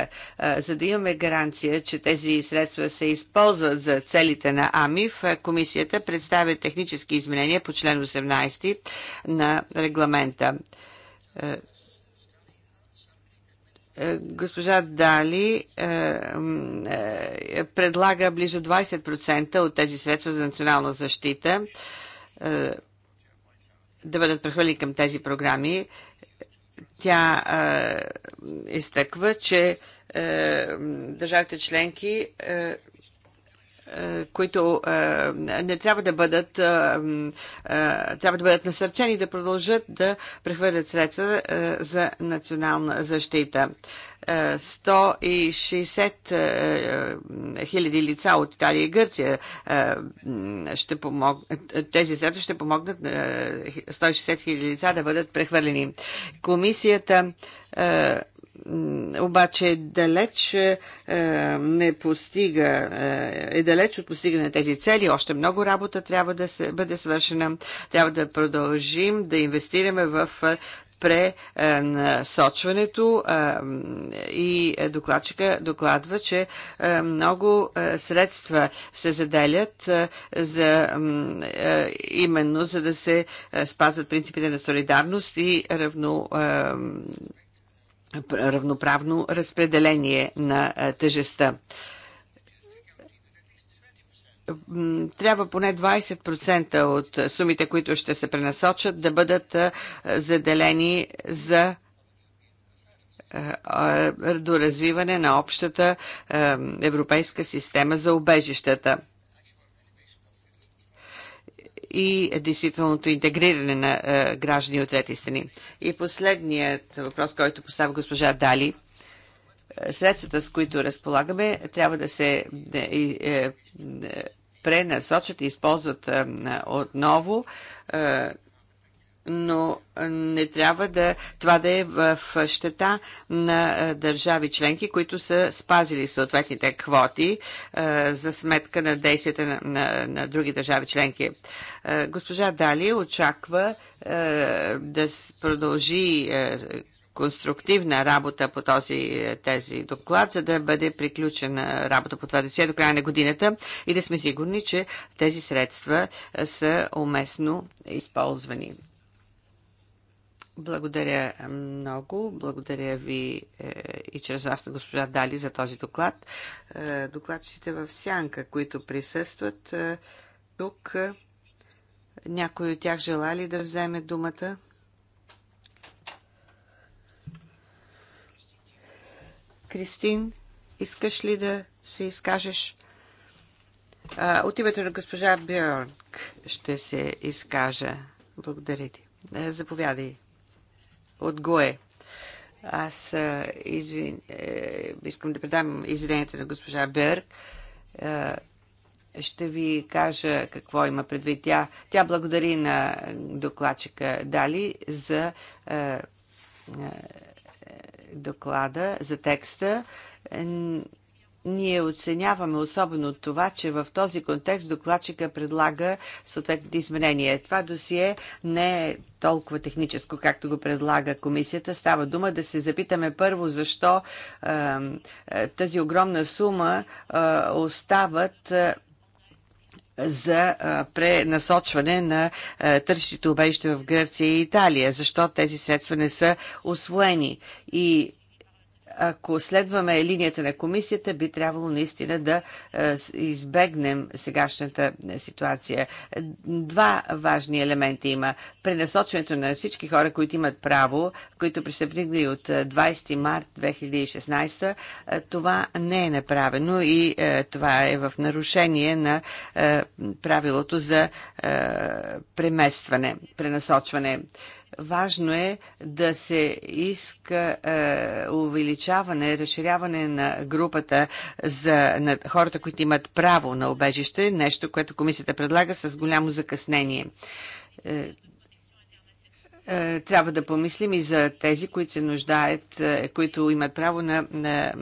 За да имаме гаранция, че тези средства се използват за целите на АМИФ, комисията представя технически изменения по член 18 на регламента е, госпожа Дали е, е, предлага близо 20% от тези средства за национална защита да бъдат прехвърлени към тези програми. Тя изтъква, че държавите членки е, които е, не трябва да бъдат е, трябва да бъдат насърчени да продължат да прехвърлят средства за национална защита. 160 хиляди лица от Италия и Гърция ще помог... тези средства ще помогнат 160 хиляди лица да бъдат прехвърлени. Комисията обаче далеч е, е не постига, е, е далеч от постигане на тези цели. Още много работа трябва да се, бъде свършена. Трябва да продължим да инвестираме в е, пренасочването и докладчика докладва, че много средства се заделят за, именно за да се спазват принципите на солидарност и равно равноправно разпределение на тежеста. трябва поне 20% от сумите, които ще се пренасочат, да бъдат заделени за доразвиване на общата европейска система за обежищата и действителното интегриране на е, граждани от трети страни. И последният въпрос, който поставя госпожа Дали е, – средствата, с които разполагаме, трябва да се е, пренасочат и използват отново но не трябва да, това да е в щета на държави членки, които са спазили съответните квоти е, за сметка на действията на, на, на други държави членки. Е, госпожа Дали очаква е, да продължи конструктивна работа по този тези доклад, за да бъде приключена работа по това досие до края на годината и да сме сигурни, че тези средства са уместно използвани. Благодаря много. Благодаря ви е, и чрез вас на госпожа Дали за този доклад. Е, докладчите в Сянка, които присъстват е, тук, е, от тях желали да вземе думата? Кристин, искаш ли да се изкажеш? А, е, от името на госпожа Бьорнк ще се изкажа. Благодаря ти. Е, заповядай от ГОЕ. Аз извин, е, искам да предам извиненията на госпожа Берг. Е, ще ви кажа какво има предвид тя. Тя благодари на докладчика Дали за е, е, доклада, за текста. Ние оценяваме особено това, че в този контекст докладчика предлага съответните изменения. Това досие не е толкова техническо, както го предлага комисията. Става дума да се запитаме първо защо е, тази огромна сума е, остават е, за пренасочване на е, търсещите убежище в Гърция и Италия, защо тези средства не са освоени. И ако следваме линията на комисията, би трябвало наистина да е, избегнем сегашната е, ситуация. Два важни елемента има. Пренасочването на всички хора, които имат право, които присъпнигли от 20 е, март 2016, това не е направено и това е в нарушение на правилото за преместване, пренасочване. Важно е да се иска е, увеличаване, разширяване на групата за на хората, които имат право на обежище, нещо, което комисията предлага с голямо закъснение. Е, е, трябва да помислим и за тези, които се нуждаят, е, които имат право на, на,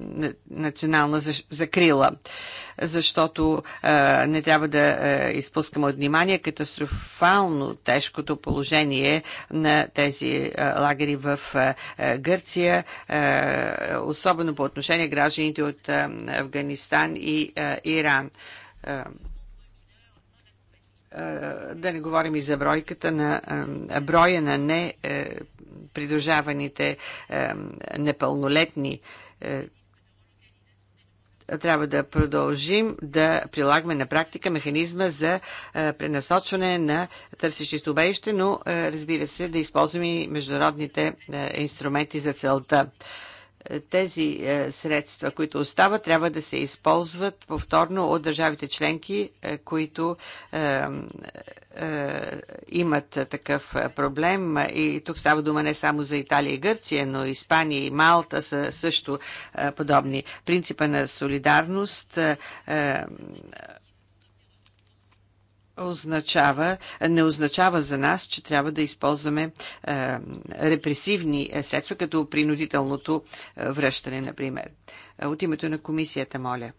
на национална закрила. Защото е, не трябва да изпускаме от внимание катастрофално тежкото положение на тези лагери в Гърция, особено по отношение гражданите от Афганистан и е, Иран. Е, да не говорим и за бройката на е, броя на не е, придружаваните непълнолетни. Трябва да продължим да прилагаме на практика механизма за пренасочване на търсещите стобеище, но разбира се да използваме и международните инструменти за целта тези е, средства, които остават, трябва да се използват повторно от държавите членки, е, които е, имат такъв проблем. И тук става дума не само за Италия и Гърция, но Испания и Малта са също подобни. Принципа на солидарност означава, не означава за нас, че трябва да използваме е, репресивни е, средства, като принудителното е, връщане, например. Е, от името на комисията, моля.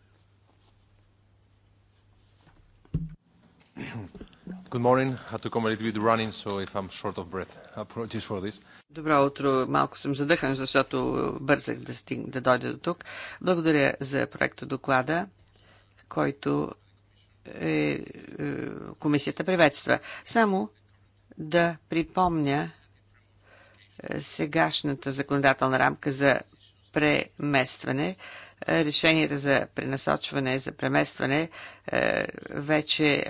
Good morning. I had to come a little bit running, so if I'm short of breath, apologies for this. Добро утро. Малко съм задъхан, защото бързах да, стиг, да дойда до тук. Благодаря за проекта доклада, който е, е, комисията приветства. Само да припомня е, сегашната законодателна рамка за преместване. Решенията за пренасочване, за преместване е, вече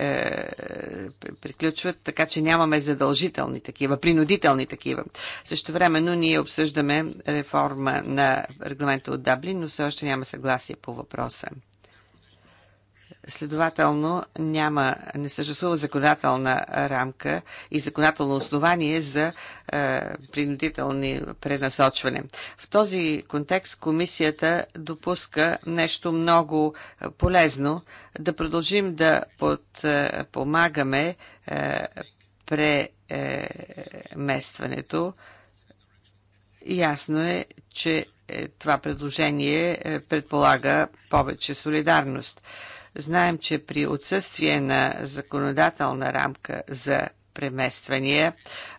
приключват, така че нямаме задължителни такива, принудителни такива. Също времено ние обсъждаме реформа на регламента от Даблин, но все още няма съгласие по въпроса. Следователно няма, не съществува законодателна рамка и законодателно основание за е, принудителни пренасочване. В този контекст комисията допуска нещо много е, полезно да продължим да подпомагаме е, е, преместването. Ясно е, че е, това предложение предполага повече солидарност. Знаем, че при отсъствие на законодателна рамка за премествания,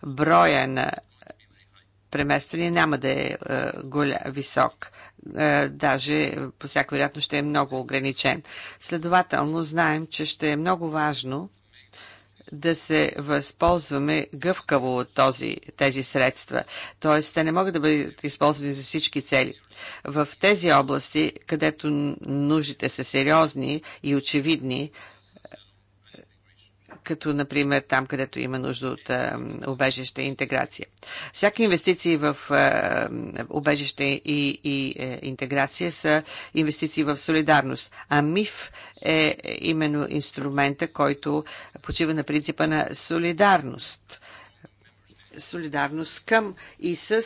броя на премествания няма да е, е, голя, висок. Е, даже по всяка вероятност ще е много ограничен. Следователно, знаем, че ще е много важно да се възползваме гъвкаво от този, тези средства. Тоест, те не могат да бъдат използвани за всички цели. В тези области, където нуждите са сериозни и очевидни, като например там, където има нужда от обежище и интеграция. Всяка инвестиции в обежище и, и е, интеграция са инвестиции в солидарност, а МИФ е, е именно инструмента, който почива на принципа на солидарност солидарност към и с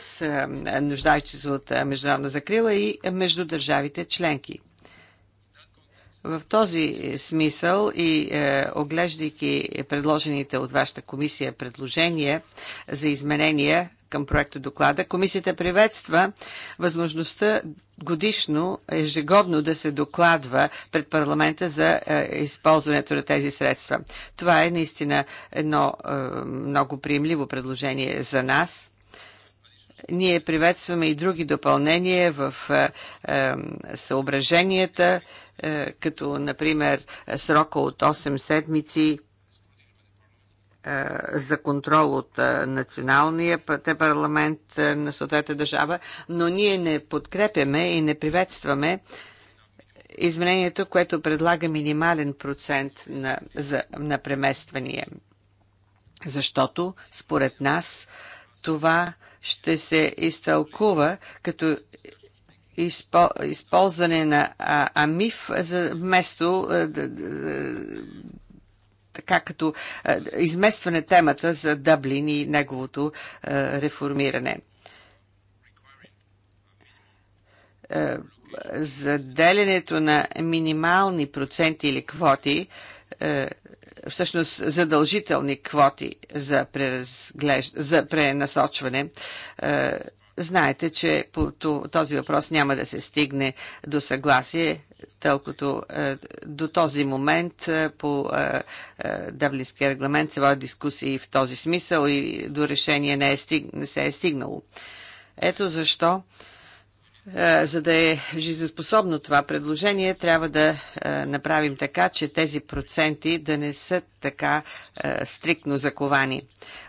нуждаещи се от международна закрила и между държавите членки. В този смисъл и е, оглеждайки предложените от вашата комисия предложения за изменения към проекта доклада, комисията приветства възможността годишно, ежегодно да се докладва пред парламента за е, използването на тези средства. Това е наистина едно е, много приемливо предложение за нас – ние приветстваме и други допълнения в е, е, съображенията е, като например срока от 8 седмици е, за контрол от е, националния парламент на съответната държава, но ние не подкрепяме и не приветстваме изменението, което предлага минимален процент на, за, на премествания. Защото, според нас, това ще се изтълкува като използване на амиф за, вместо така като изместване темата за Дъблин и неговото реформиране. заделянето на минимални проценти или квоти всъщност задължителни квоти за, за пренасочване Знаете, че по този въпрос няма да се стигне до съгласие, тълкото е, до този момент е, по е, Дъблинския регламент се водят дискусии в този смисъл и до решение не, е стиг... не се е стигнало. Ето защо е, за да е жизнеспособно това предложение, трябва да е, направим така, че тези проценти да не са така е, стриктно заковани.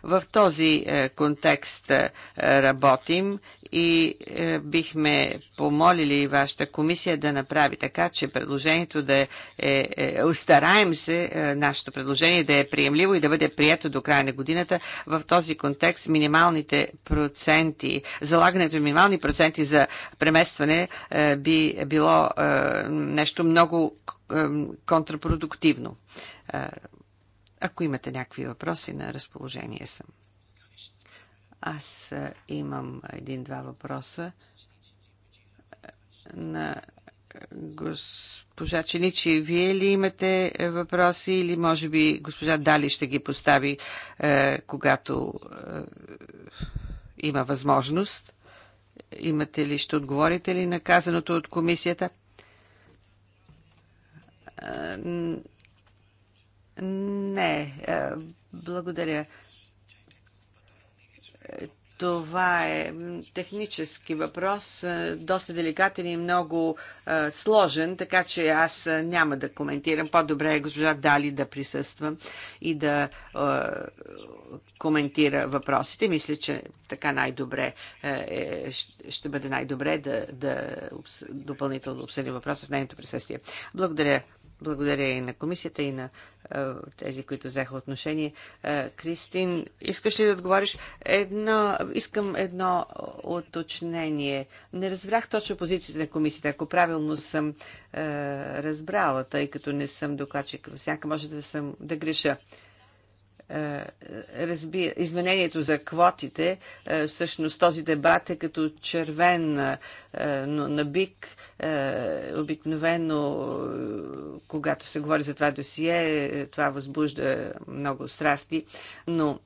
В този контекст работим и бихме помолили вашата комисия да направи така, че предложението да е, стараем се нашето предложение да е приемливо и да бъде прието до края на годината. В този контекст минималните проценти, залагането на минимални проценти за преместване е, би било е, нещо много е, контрапродуктивно. Ако имате някакви въпроси, на разположение съм. Аз имам един-два въпроса на госпожа Ченичи. Вие ли имате въпроси или може би госпожа Дали ще ги постави, когато има възможност? Имате ли, ще отговорите ли на казаното от комисията? Не, благодаря. Това е технически въпрос, е, доста деликатен и много е, сложен, така че аз е, няма да коментирам. По-добре е госпожа Дали да присъства и да е, коментира въпросите. Мисля, че така най-добре е, е ще бъде най-добре да, да допълнително обсъдим въпроса в нейното присъствие. Благодаря, благодаря и на комисията, и на тези, които взеха отношение. Кристин, искаш ли да отговориш? Едно, искам едно уточнение. Не разбрах точно позицията на комисията. Ако правилно съм а, разбрала, тъй като не съм докладчик, всяка може да, съм, да греша. А, е, разби... изменението за квотите, е, всъщност този дебат е като червен е, но на бик. Обикновено, когато се говори за това досие, това възбужда много страсти, но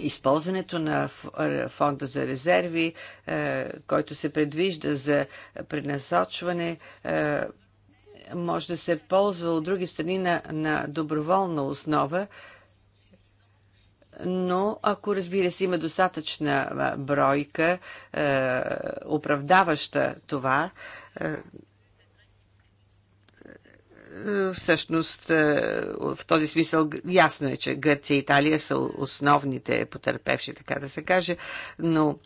използването на фонда за резерви, който се предвижда за пренасочване, може да се ползва от други страни на, на доброволна основа, но ако разбира се има достатъчна бройка, оправдаваща това, всъщност в този смисъл ясно е, че Гърция и Италия са основните потерпевши, така да се каже, но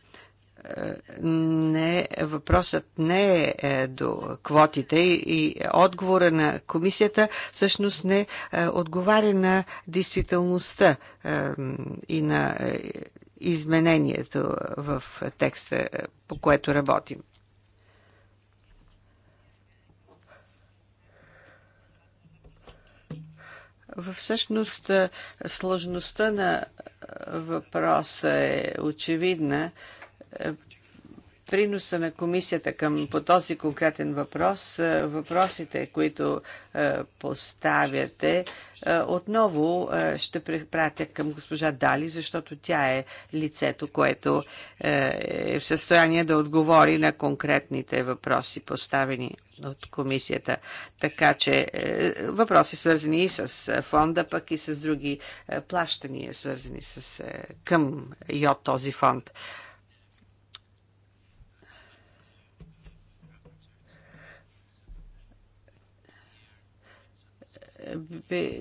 е, не, въпросът не е, е до квотите и отговора на комисията всъщност не е, отговаря на действителността и на изменението в текста, по което работим. Всъщност сложността на въпроса е очевидна е, приноса на комисията към по този конкретен въпрос, е, въпросите, които е, поставяте, отново ще препратя към госпожа Дали, защото тя е лицето, което е в състояние да отговори на конкретните въпроси, поставени от комисията. Така че въпроси свързани и с фонда, пък и с други плащания, свързани с към от този фонд.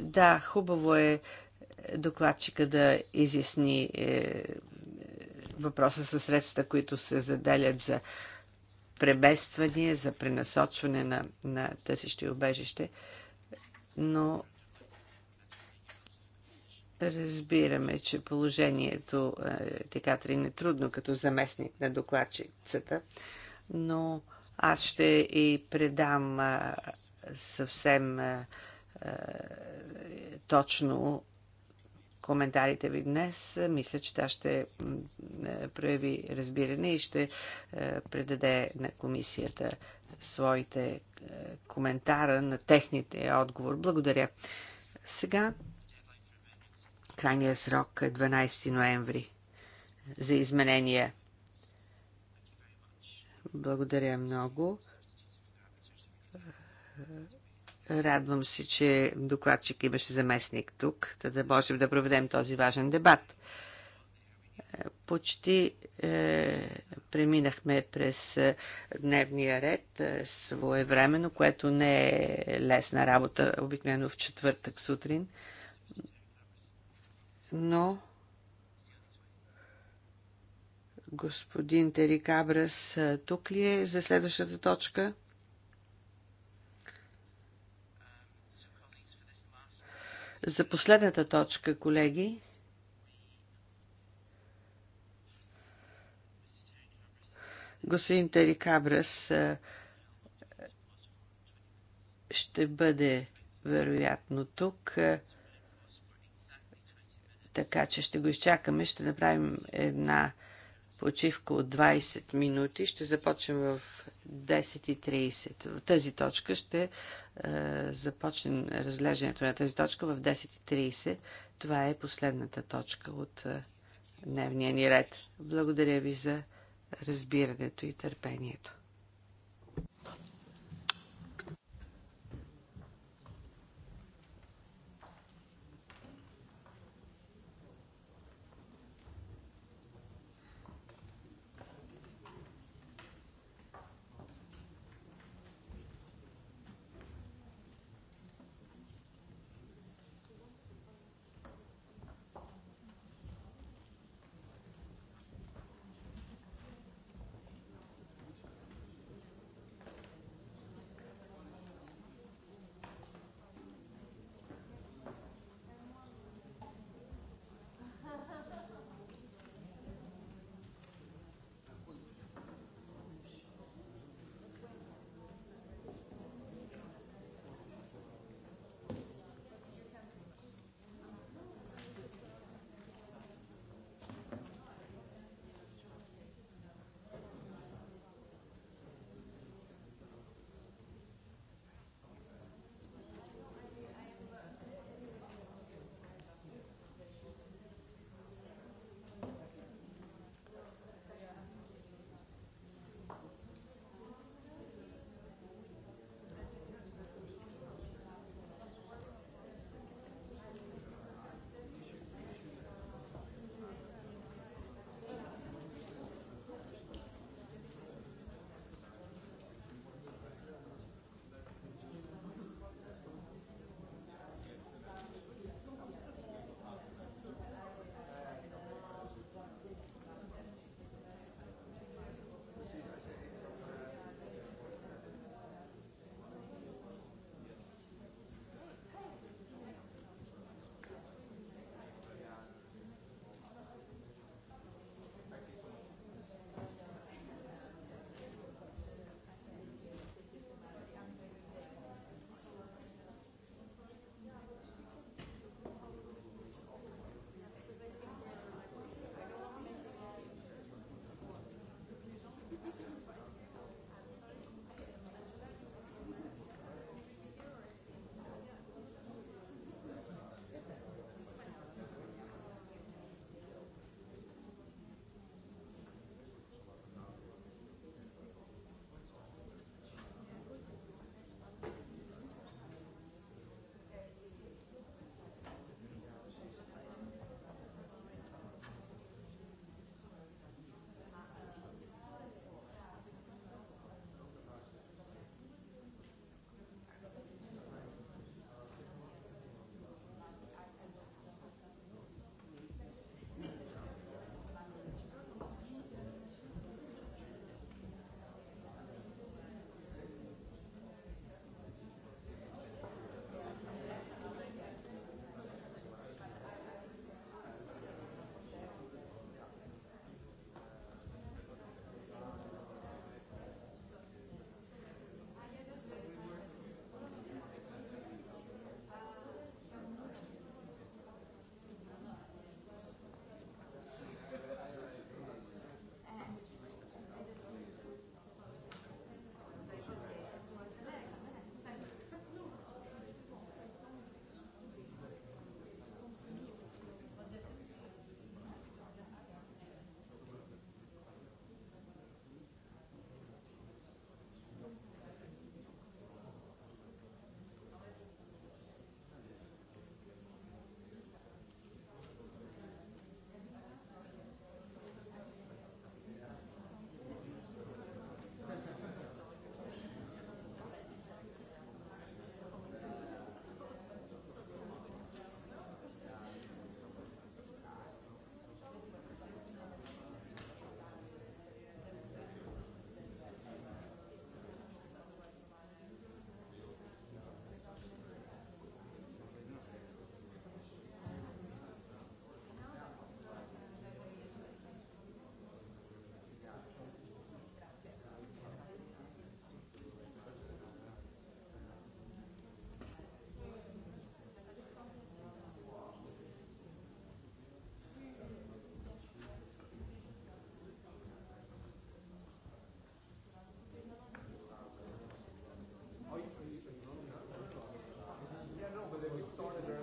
Да, хубаво е докладчика да изясни е, въпроса със средства, които се заделят за преместване, за пренасочване на, на търсещи убежище, но разбираме, че положението е, така е трудно като заместник на докладчицата, но аз ще и предам е, съвсем а, е, точно коментарите ви днес. Мисля, че тя ще е, прояви разбиране и ще е, предаде на комисията своите е, коментара на техните отговор. Благодаря. Сега крайният срок е 12 ноември за изменения. Благодаря много. Радвам се, че докладчик имаше заместник тук, за да можем да проведем този важен дебат. Е, почти е, преминахме през е, дневния ред е, своевременно, което не е лесна работа, обикновено в четвъртък сутрин. Но господин Терикабрас тук ли е за следващата точка? За последната точка, колеги, господин Тери Кабрас ще бъде вероятно тук, така че ще го изчакаме. Ще направим една почивка от 20 минути. Ще започнем в 10.30. В тази точка ще е, започнем разглеждането на тази точка в 10.30. Това е последната точка от е, дневния ни ред. Благодаря ви за разбирането и търпението. started early.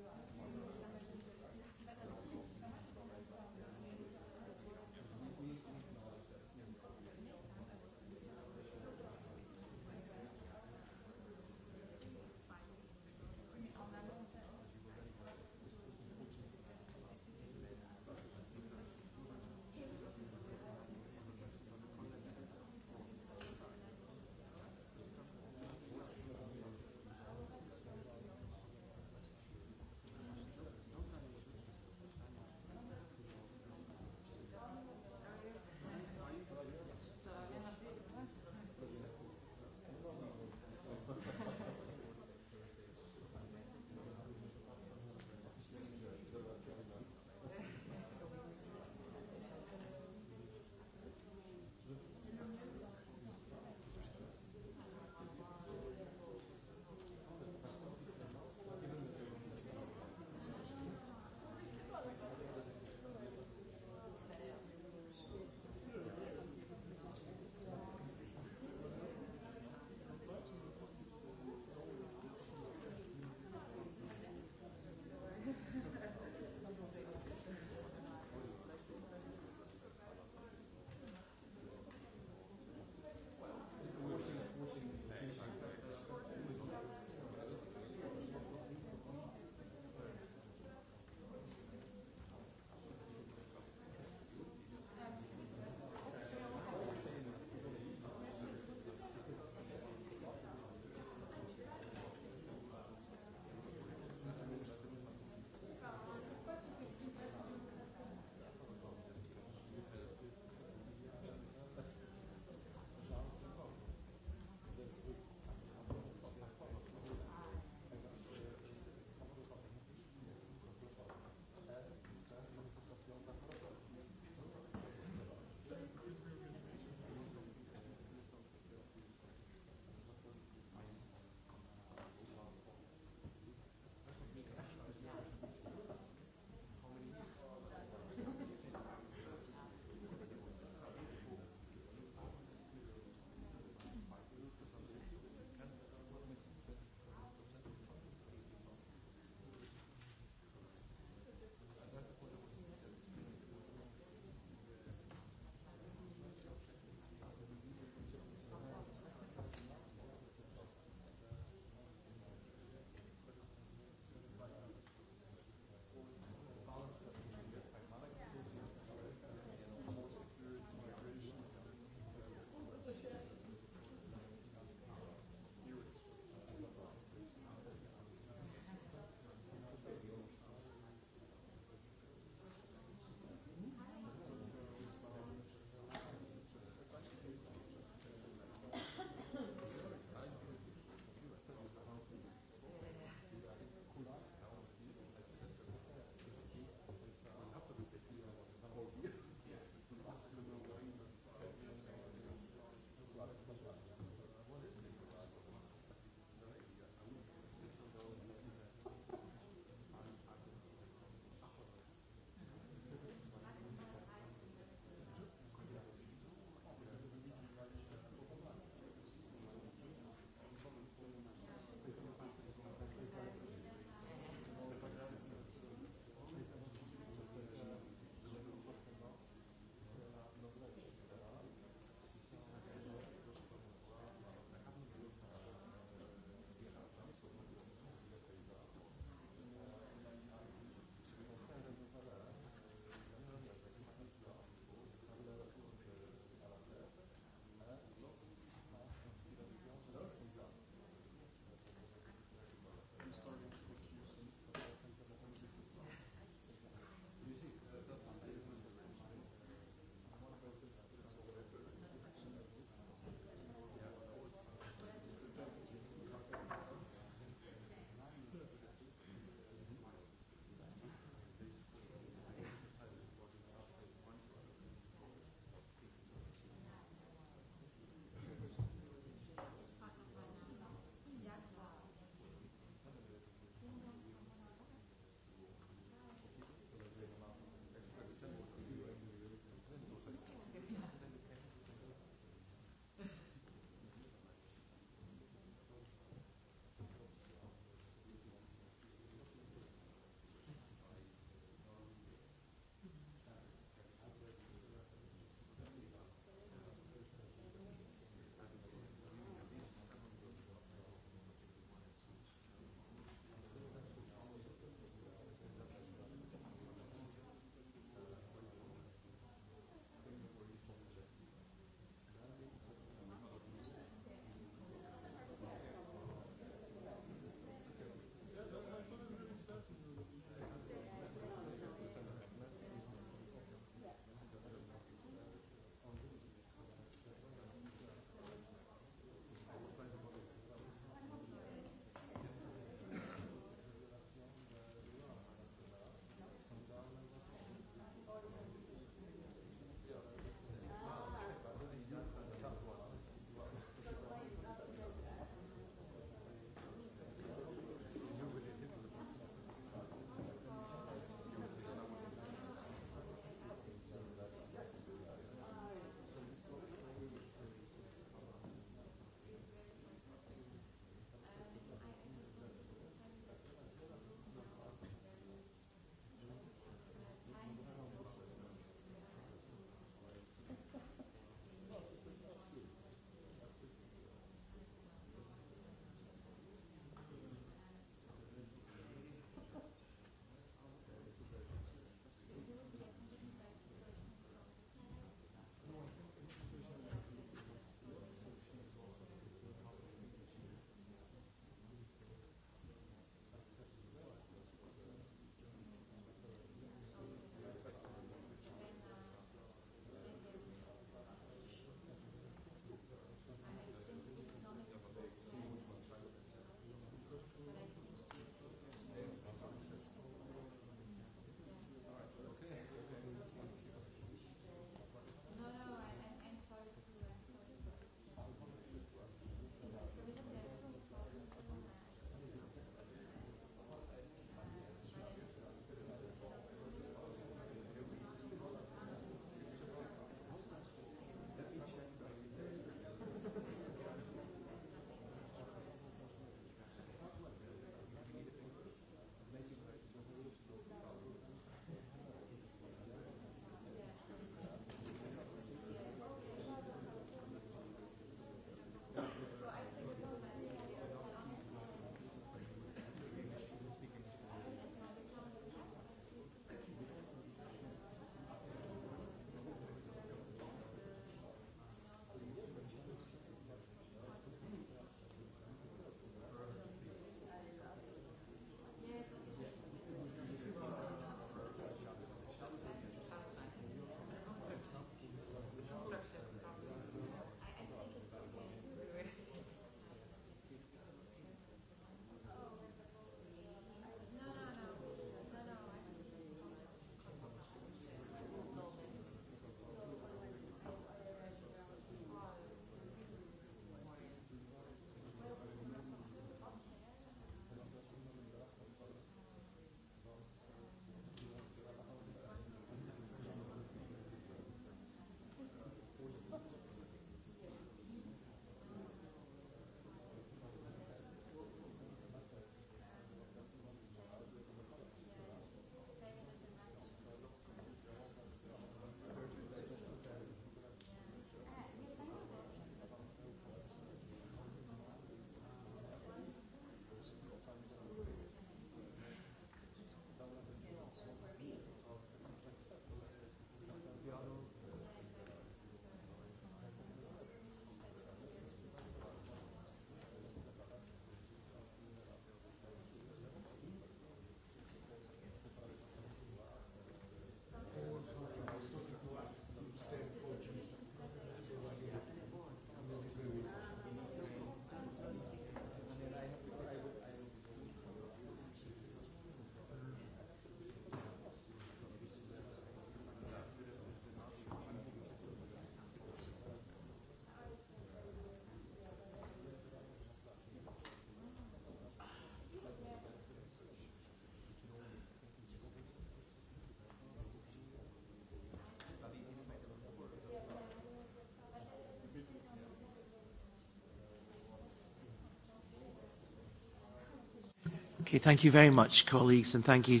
Okay, thank you very much, colleagues, and thank you.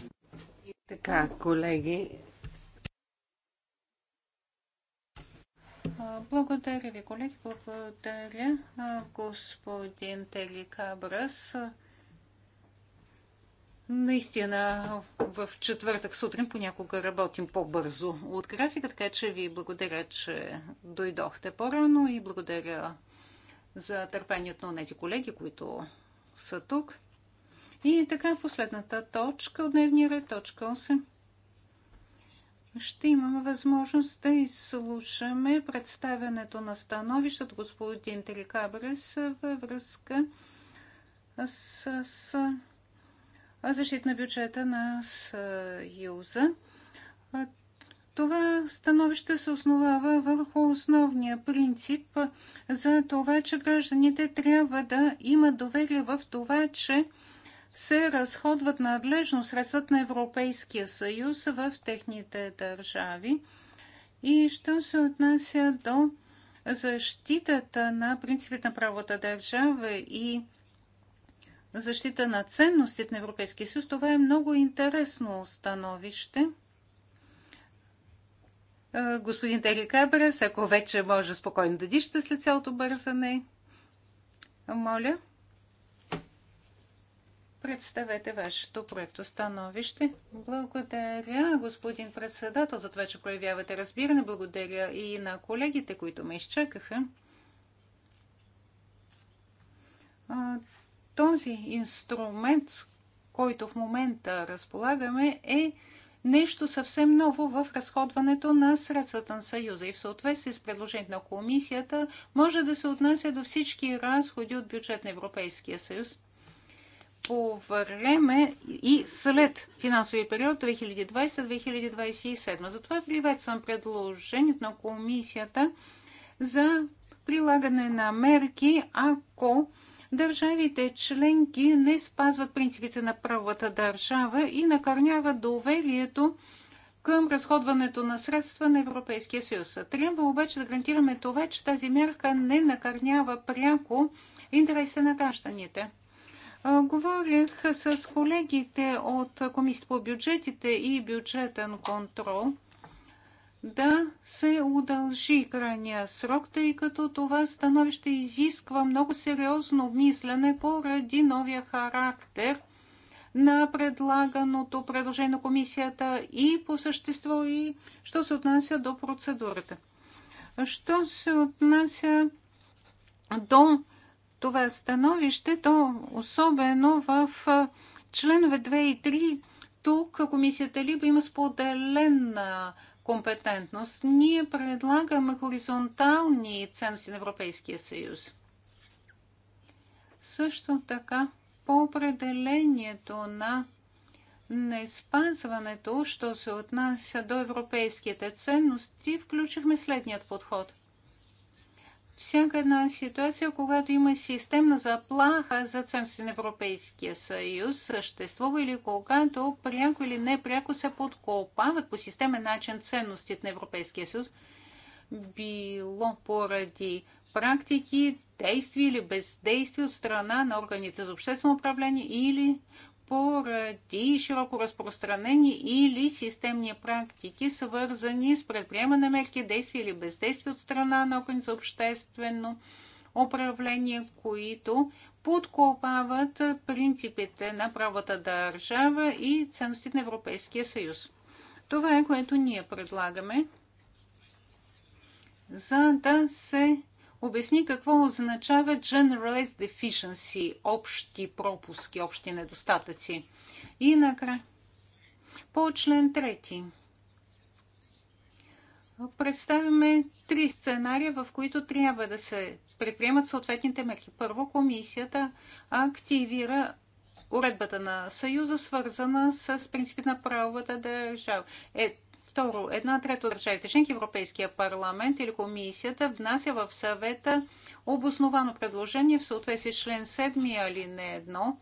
Така, колеги, Благодаря ви, колеги. Благодаря, господин Тели Кабрас. Наистина, в четвъртък сутрин понякога работим по-бързо от графика, така че ви благодаря, че дойдохте по-рано и благодаря за търпението на тези колеги, които са тук. И така последната точка от дневния ред, точка 8. Ще имаме възможност да изслушаме представянето на становището господин Терикабрес във връзка с, с защита на бюджета на Съюза. Това становище се основава върху основния принцип за това, че гражданите трябва да имат доверие в това, че се разходват надлежно средствата на Европейския съюз в техните държави. И що се отнася до защитата на принципите на правата държава и защита на ценностите на Европейския съюз, това е много интересно становище. Господин Тери Кабрес, ако вече може спокойно да дишате след цялото бързане, моля представете вашето проекто становище. Благодаря, господин председател, за това, че проявявате разбиране. Благодаря и на колегите, които ме изчакаха. Този инструмент, който в момента разполагаме, е нещо съвсем ново в разходването на средствата на Съюза и в съответствие с предложението на комисията може да се отнася до всички разходи от бюджет на Европейския съюз по време и след финансовия период 2020-2027. Затова приветствам предложението на комисията за прилагане на мерки, ако държавите членки не спазват принципите на правовата държава и накърняват доверието към разходването на средства на Европейския съюз. Трябва обаче да гарантираме това, че тази мерка не накърнява пряко интересите на гражданите. Говорих с колегите от Комисията по бюджетите и бюджетен контрол да се удължи крайния срок, тъй като това становище изисква много сериозно обмислене поради новия характер на предлаганото предложение на комисията и по същество и що се отнася до процедурата. Що се отнася до това становище, то особено в членове 2 и 3, тук комисията Либо има споделена компетентност. Ние предлагаме хоризонтални ценности на Европейския съюз. Също така, по определението на неспазването, що се отнася до европейските ценности, включихме следният подход – всяка една ситуация, когато има системна заплаха за ценности на Европейския съюз, съществува или когато пряко или непряко се подкопават по системен начин ценностите на Европейския съюз, било поради практики, действия или бездействия от страна на органите за обществено управление или поради широко разпространени или системни практики, свързани с предприемане мерки, действия или бездействия от страна на органи за обществено управление, които подкопават принципите на правата държава и ценностите на Европейския съюз. Това е което ние предлагаме, за да се обясни какво означава Generalized Deficiency, общи пропуски, общи недостатъци. И накрая, по член 3. Представяме три сценария, в които трябва да се предприемат съответните мерки. Първо, комисията активира уредбата на Съюза, свързана с принципите на правовата държава. Е, Второ, една трета от държавите членки, Европейския парламент или комисията внася в съвета обосновано предложение в съответствие с член 7 или не 1,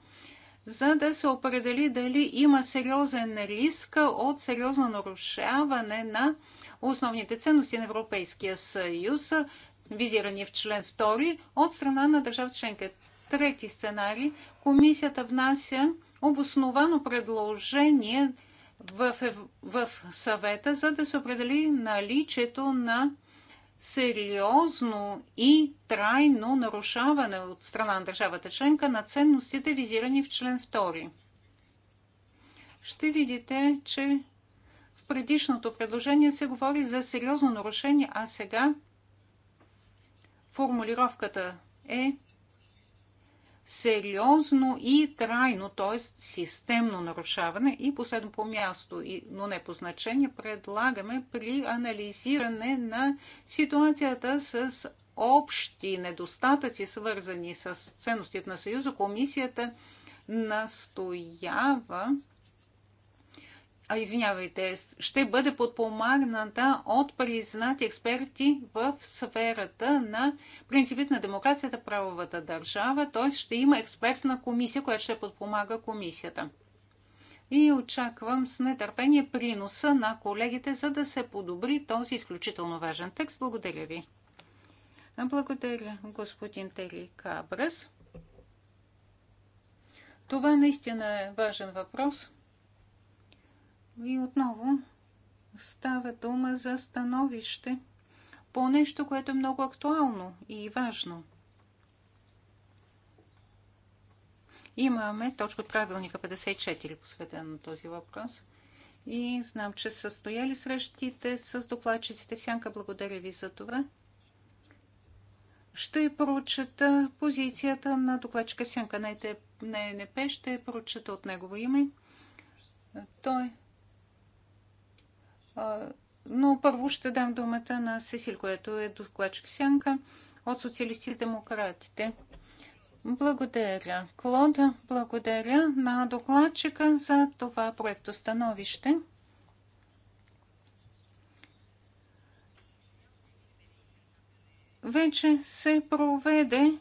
за да се определи дали има сериозен риск от сериозно нарушаване на основните ценности на Европейския съюз, визирани в член 2 от страна на държавата членка. Трети сценарий. Комисията внася обосновано предложение в, в съвета, за да се определи наличието на сериозно и трайно нарушаване от страна на държавата членка на ценностите, визирани в член 2. Ще видите, че в предишното предложение се говори за сериозно нарушение, а сега формулировката е сериозно и трайно, т.е. системно нарушаване. И последно по място, но не по значение, предлагаме при анализиране на ситуацията с общи недостатъци, свързани с ценностите на Съюза, комисията настоява а, извинявайте, ще бъде подпомагната от признати експерти в сферата на принципите на демокрацията, правовата държава, т.е. ще има експертна комисия, която ще подпомага комисията. И очаквам с нетърпение приноса на колегите, за да се подобри този изключително важен текст. Благодаря ви. Благодаря, господин Тели Кабрес. Това наистина е важен въпрос – и отново става дума за становище по нещо, което е много актуално и важно. Имаме точка от правилника 54, посветена на този въпрос. И знам, че са стояли срещите с доплачиците. Всянка, благодаря ви за това. Ще прочета позицията на докладчика Всянка не пе, Ще прочета от негово име. Той но първо ще дам думата на Сесил, която е докладчик Сянка от социалисти демократите. Благодаря, Клода. Благодаря на докладчика за това проекто становище. Вече се проведе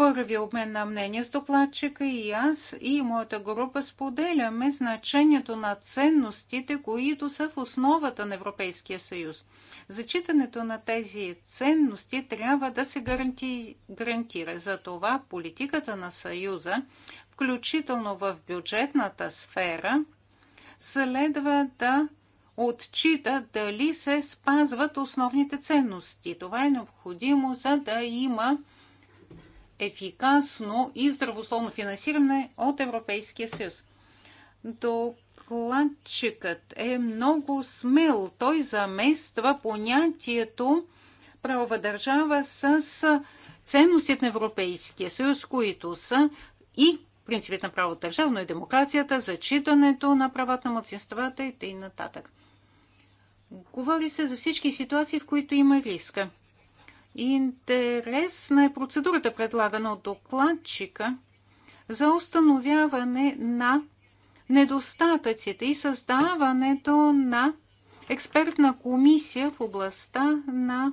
първи обмен на мнение с докладчика и аз и моята група споделяме значението на ценностите, които са в основата на Европейския съюз. Зачитането на тези ценности трябва да се гаранти... гарантира. Затова политиката на съюза, включително в бюджетната сфера, следва да отчита дали се спазват основните ценности. Това е необходимо, за да има ефикасно и здравословно финансиране от Европейския съюз. Докладчикът е много смел. Той замества понятието правова държава с ценностите на Европейския съюз, които са и принципите на правото държавно и демокрацията, зачитането на правата на младсинствата и т.н. Говори се за всички ситуации, в които има риска. Интересна е процедурата, предлагана от докладчика за установяване на недостатъците и създаването на експертна комисия в областта на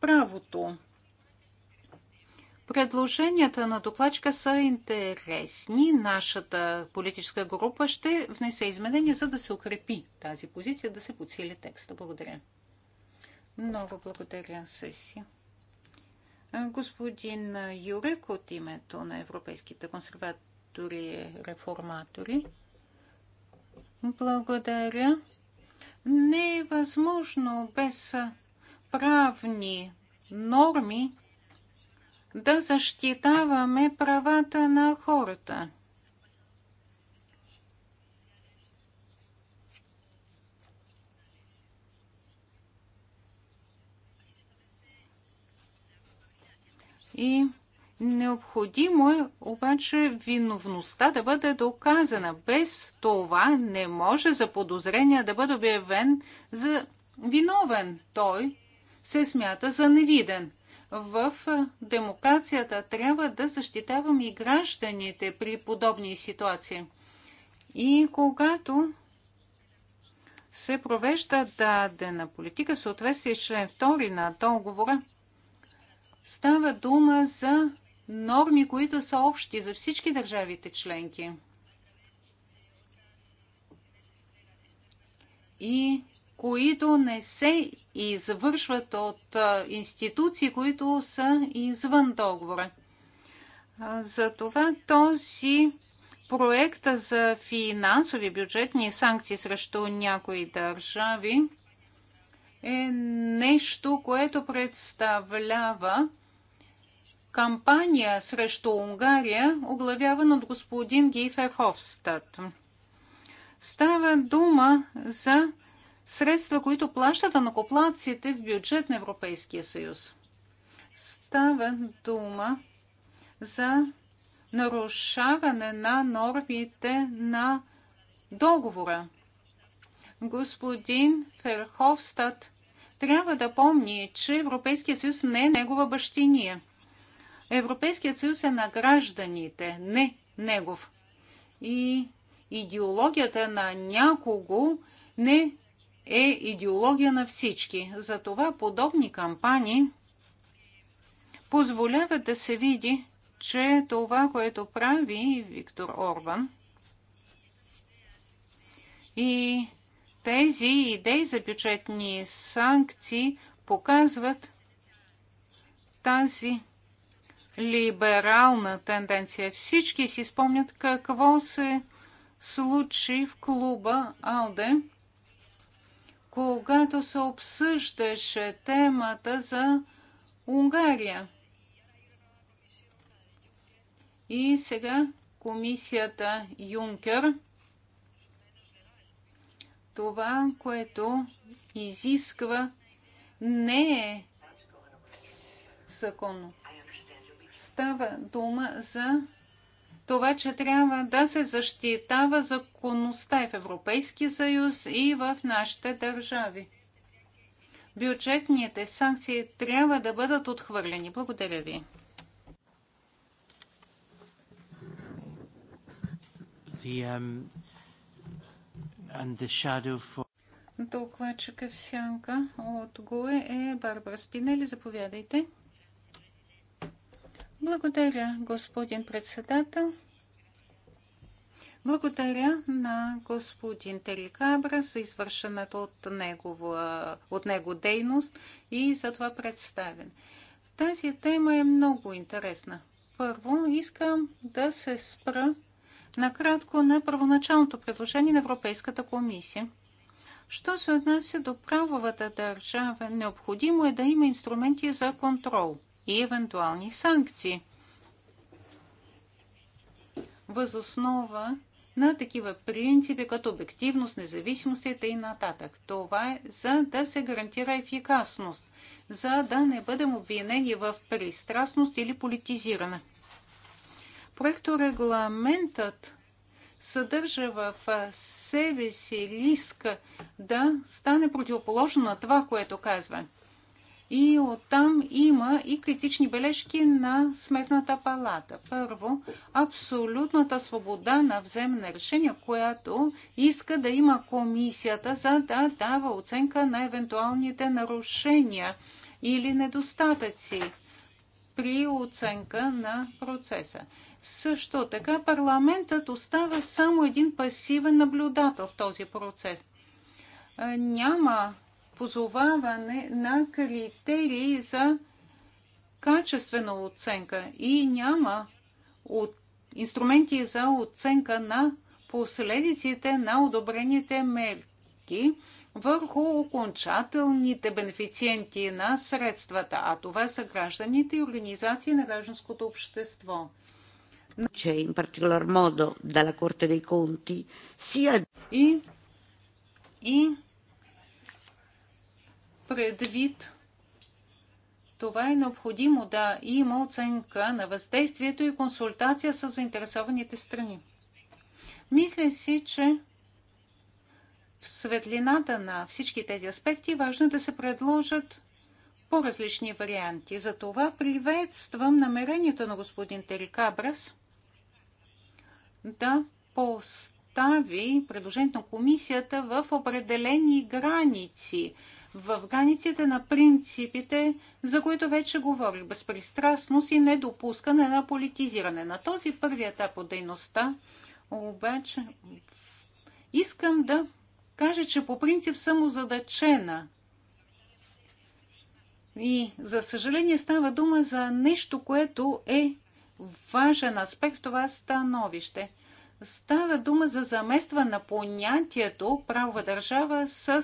правото. Предложенията на докладчика са интересни. Нашата политическа група ще внесе изменения, за да се укрепи тази позиция, да се подсили текста. Благодаря. Много благодаря, Сесия. Господин Юрик от името на европейските консерватори и реформатори. Благодаря. Не е възможно без правни норми да защитаваме правата на хората – И необходимо е обаче виновността да бъде доказана. Без това не може за подозрение да бъде обявен за виновен. Той се смята за невиден. В демокрацията трябва да защитавам и гражданите при подобни ситуации. И когато се провежда дадена политика в съответствие с член 2 на договора, Става дума за норми, които са общи за всички държавите членки. И които не се извършват от институции, които са извън договора. Затова този проект за финансови бюджетни санкции срещу някои държави е нещо, което представлява кампания срещу Унгария, оглавяван от господин Гейфер Хофстад. Става дума за средства, които плащат коплаците в бюджет на Европейския съюз. Става дума за нарушаване на нормите на договора. Господин Ферховстад трябва да помни, че Европейския съюз не е негова бащиния. Европейският съюз е на гражданите, не негов. И идеологията на някого не е идеология на всички. Затова подобни кампании позволяват да се види, че това, което прави Виктор Орбан и тези идеи за бюджетни санкции показват тази либерална тенденция. Всички си спомнят какво се случи в клуба Алде, когато се обсъждаше темата за Унгария. И сега комисията Юнкер това, което изисква, не е законно става дума за това, че трябва да се защитава законността и в Европейския съюз и в нашите държави. Бюджетните санкции трябва да бъдат отхвърлени. Благодаря ви. Um, Докладчика в сянка от ГУЕ е Барбара Спинели. Заповядайте. Благодаря, господин председател. Благодаря на господин Терикабра за извършената от, негова, от него дейност и за това представен. Тази тема е много интересна. Първо искам да се спра накратко на първоначалното предложение на Европейската комисия. Що се отнася до правовата държава, необходимо е да има инструменти за контрол и евентуални санкции. Възоснова на такива принципи, като обективност, независимост и т.н. Това е за да се гарантира ефикасност, за да не бъдем обвинени в пристрастност или политизиране. Проекторегламентът съдържа в себе си риска да стане противоположно на това, което казваме. И оттам има и критични бележки на Сметната палата. Първо, абсолютната свобода на вземане решение, която иска да има комисията, за да дава оценка на евентуалните нарушения или недостатъци при оценка на процеса. Също така парламентът остава само един пасивен наблюдател в този процес. Е, няма позоваване на критерии за качествена оценка и няма от инструменти за оценка на последиците на одобрените мерки върху окончателните бенефициенти на средствата, а това са гражданите и организации на гражданското общество. in particolar modo dalla Corte dei Conti, sia... И, и предвид това е необходимо да има оценка на въздействието и консултация с заинтересованите страни. Мисля си, че в светлината на всички тези аспекти важно е да се предложат по-различни варианти. Затова приветствам намерението на господин Терикабрас да постави предложението на комисията в определени граници – в границите на принципите, за които вече говорих, безпристрастност и недопускане на политизиране. На този първи етап от дейността, обаче, искам да кажа, че по принцип съм озадачена. И, за съжаление, става дума за нещо, което е важен аспект в това становище – Става дума за замества на понятието правова държава с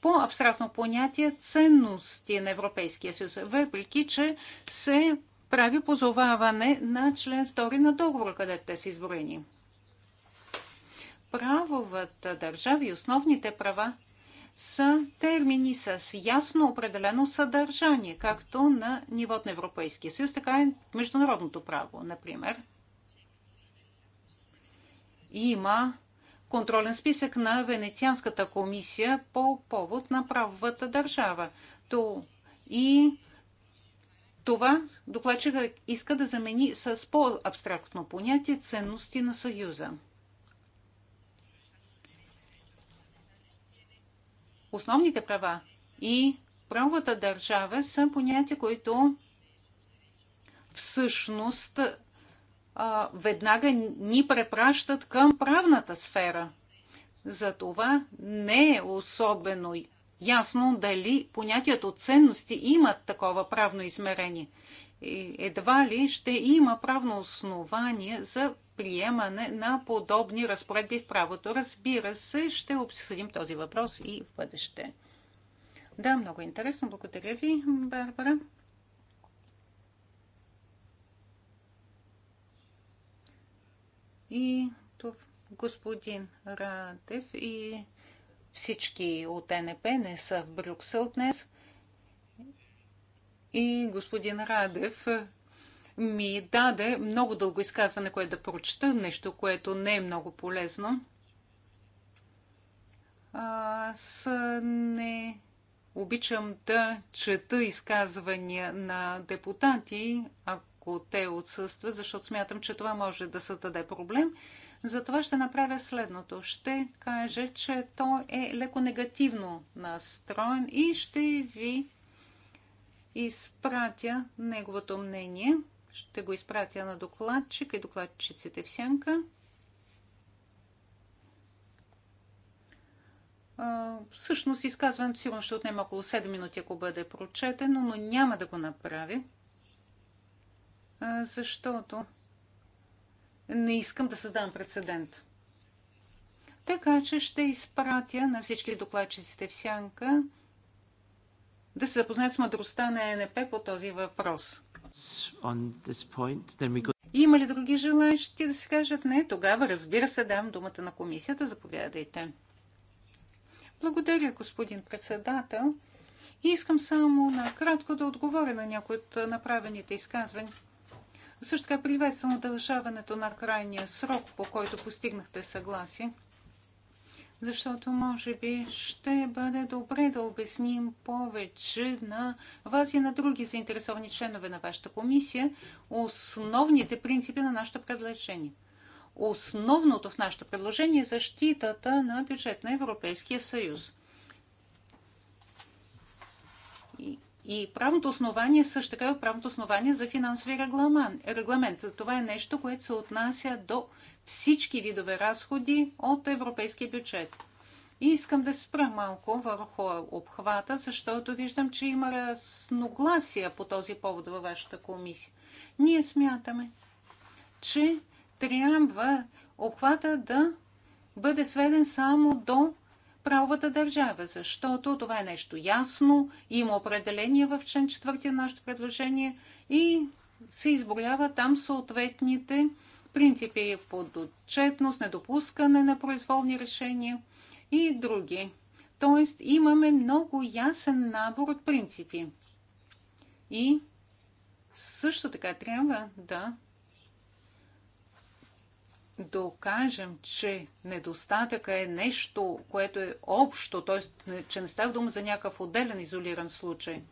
по-абстрактно понятие ценности на Европейския съюз, въпреки че се прави позоваване на член 2 на договор, където те са изборени. Правовата държава и основните права са термини с ясно определено съдържание, както на нивото на Европейския съюз, така и международното право, например – има контролен списък на Венецианската комисия по повод на правовата държава. То и това докладчика иска да замени с по-абстрактно понятие ценности на Съюза. Основните права и правовата държава са понятия, които всъщност а, веднага ни препращат към правната сфера. Затова не е особено ясно дали понятието ценности имат такова правно измерение. Едва ли ще има правно основание за приемане на подобни разпоредби в правото. Разбира се, ще обсъдим този въпрос и в бъдеще. Да, много интересно. Благодаря ви, Барбара. и господин Радев и всички от НП не са в Брюксел днес. И господин Радев ми даде много дълго изказване, което да прочета, нещо, което не е много полезно. Аз не обичам да чета изказвания на депутати, ако ако те отсъстват, защото смятам, че това може да създаде проблем. Затова ще направя следното. Ще кажа, че то е леко негативно настроен и ще ви изпратя неговото мнение. Ще го изпратя на докладчик и докладчиците в сянка. Всъщност изказването сигурно ще отнема около 7 минути, ако бъде прочетено, но няма да го направя защото не искам да създам прецедент. Така че ще изпратя на всички докладчиците в сянка да се запознаят с мъдростта на ЕНП по този въпрос. Има ли други желаящи да си кажат не? Тогава, разбира се, дам думата на комисията. Заповядайте. Благодаря, господин председател. И искам само накратко да отговоря на някои от направените изказвания. Също така приветствам удължаването на крайния срок, по който постигнахте съгласие, защото може би ще бъде добре да обясним повече на вас и на други заинтересовани членове на вашата комисия основните принципи на нашето предложение. Основното в нашето предложение е защитата на бюджет на Европейския съюз. И правното основание също така е правното основание за финансови регламент. Това е нещо, което се отнася до всички видове разходи от европейския бюджет. И искам да спра малко върху обхвата, защото виждам, че има разногласия по този повод във вашата комисия. Ние смятаме, че трябва обхвата да бъде сведен само до правовата държава, защото това е нещо ясно, има определение в член 4 нашето предложение и се изборява там съответните принципи под отчетност, недопускане на произволни решения и други. Тоест имаме много ясен набор от принципи. И също така трябва да докажем, че недостатъка е нещо, което е общо, т.е. че не става дума за някакъв отделен изолиран случай.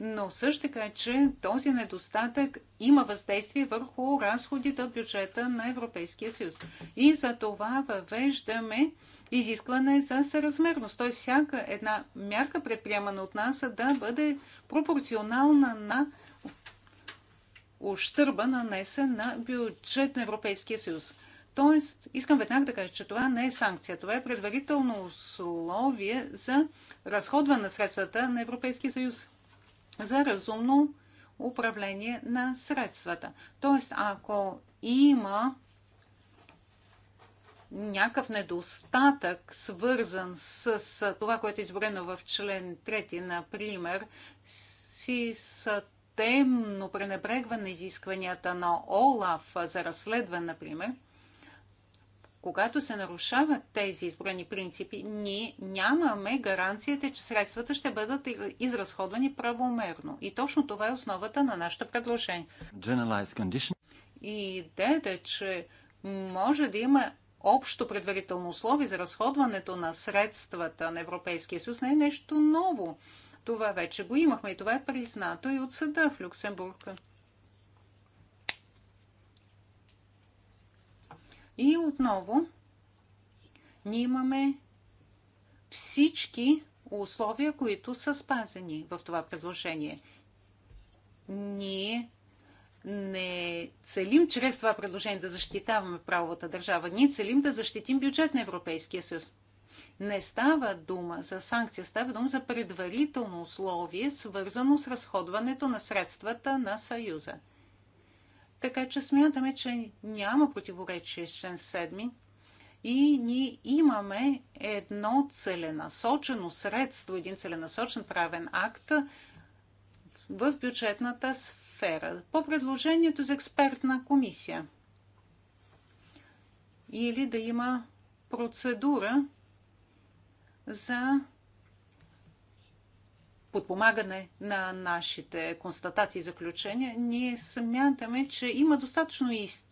Но също така, е, че този недостатък има въздействие върху разходите от бюджета на Европейския съюз. И за това въвеждаме изискване за съразмерност. Т.е. всяка една мярка, предприемана от нас, да бъде пропорционална на ущърба нанесен на бюджет на Европейския съюз. Тоест, искам веднага да кажа, че това не е санкция. Това е предварително условие за разходване на средствата на Европейския съюз за разумно управление на средствата. Тоест, ако има някакъв недостатък, свързан с, това, което е изборено в член 3, например, си темно пренебрегване изискванията на ОЛАФ за разследване, например, когато се нарушават тези изброени принципи, ние нямаме гаранцията, че средствата ще бъдат изразходвани правомерно. И точно това е основата на нашето предложение. И идеята, е, че може да има общо предварително условие за разходването на средствата на Европейския съюз не е нещо ново. Това вече го имахме и това е признато и от съда в Люксембург. И отново ние имаме всички условия, които са спазени в това предложение. Ние не целим чрез това предложение да защитаваме правовата държава. Ние целим да защитим бюджет на Европейския съюз. Не става дума за санкция, става дума за предварително условие, свързано с разходването на средствата на Съюза. Така че смятаме, че няма противоречие с член 7 и ние имаме едно целенасочено средство, един целенасочен правен акт в бюджетната сфера по предложението за експертна комисия. Или да има процедура за подпомагане на нашите констатации и заключения, ние смятаме, че има достатъчно ист...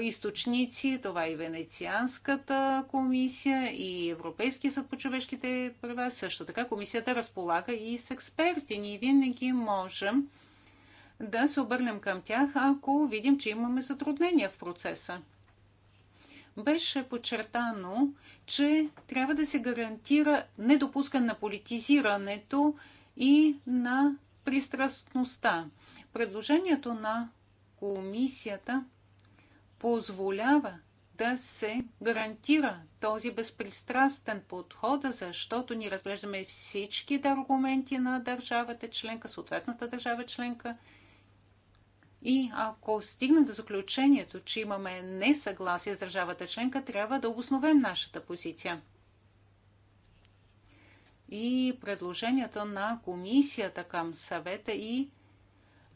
източници, това е и Венецианската комисия, и Европейския съд по човешките права, също така комисията разполага и с експерти. Ние винаги можем да се обърнем към тях, ако видим, че имаме затруднения в процеса беше подчертано, че трябва да се гарантира недопускане на политизирането и на пристрастността. Предложението на комисията позволява да се гарантира този безпристрастен подход, защото ние разглеждаме всички аргументи на държавата членка, съответната държава членка – и ако стигнем до заключението, че имаме несъгласие с държавата членка, трябва да обосновем нашата позиция. И предложението на комисията към съвета и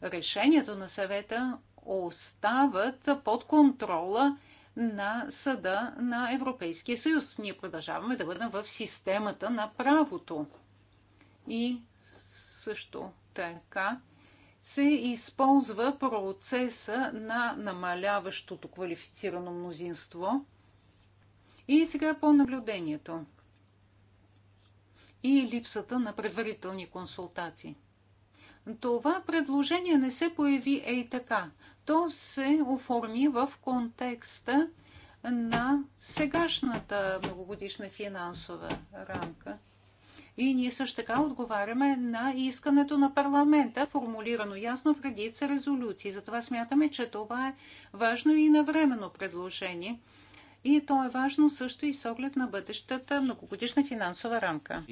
решението на съвета остават под контрола на съда на Европейския съюз. Ние продължаваме да бъдем в системата на правото. И също така се използва процеса на намаляващото квалифицирано мнозинство. И сега по наблюдението и липсата на предварителни консултации. Това предложение не се появи ей така. То се оформи в контекста на сегашната многогодишна финансова рамка – и ние също така отговаряме на искането на парламента, формулирано ясно в редица резолюции. Затова смятаме, че това е важно и навременно предложение. И то е важно също и с оглед на бъдещата многогодишна финансова рамка.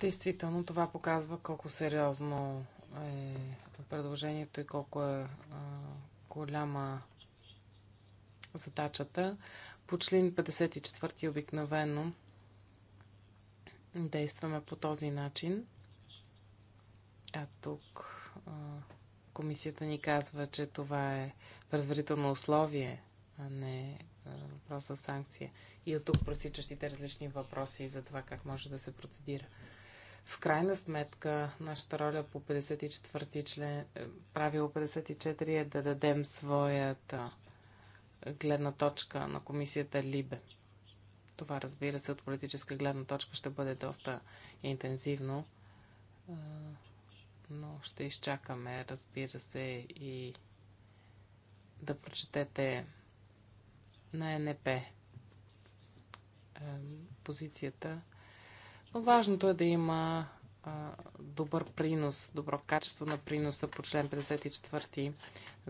Действително това показва колко сериозно е предложението и колко е голяма задачата. По член 54 обикновено действаме по този начин. А тук а, комисията ни казва, че това е предварително условие, а не въпроса санкция. И от тук просичащите различни въпроси за това как може да се процедира. В крайна сметка, нашата роля по 54 ти член, е, правило 54 е да дадем своята гледна точка на комисията Либе. Това, разбира се, от политическа гледна точка ще бъде доста интензивно, но ще изчакаме, разбира се, и да прочетете на НП позицията. Но важното е да има добър принос, добро качество на приноса по член 54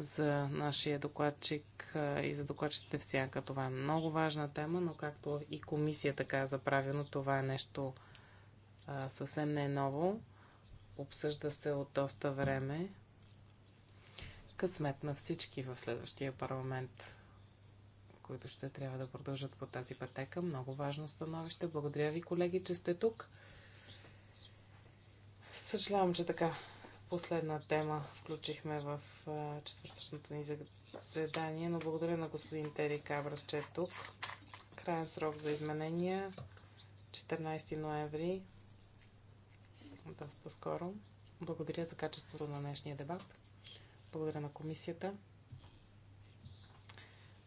за нашия докладчик и за докладчите всяка. Това е много важна тема, но както и комисията каза правилно, това е нещо а, съвсем не е ново. Обсъжда се от доста време. Късмет на всички в следващия парламент, които ще трябва да продължат по тази пътека. Много важно становище. Благодаря ви, колеги, че сте тук. Съжалявам, че така последна тема включихме в четвъртъчното ни заседание, но благодаря на господин Тери Кабрас, че е тук. Крайен срок за изменения 14 ноември. Доста скоро. Благодаря за качеството на днешния дебат. Благодаря на комисията.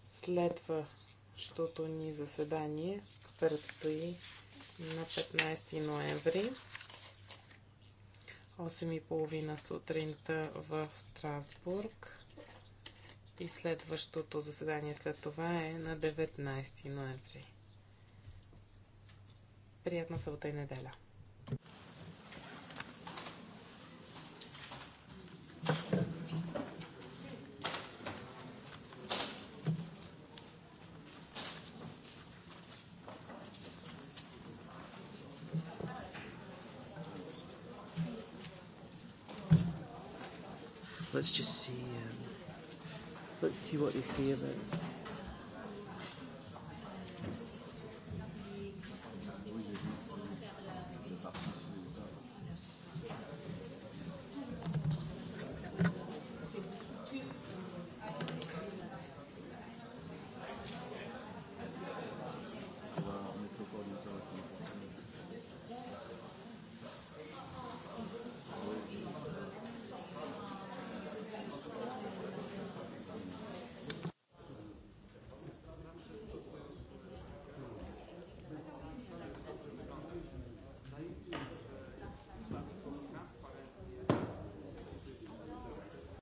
Следващото ни заседание предстои на 15 ноември. 8.30 сутринта в Страсбург. И следващото заседание след това е на 19 ноември. Приятна събота и неделя! what you see of it.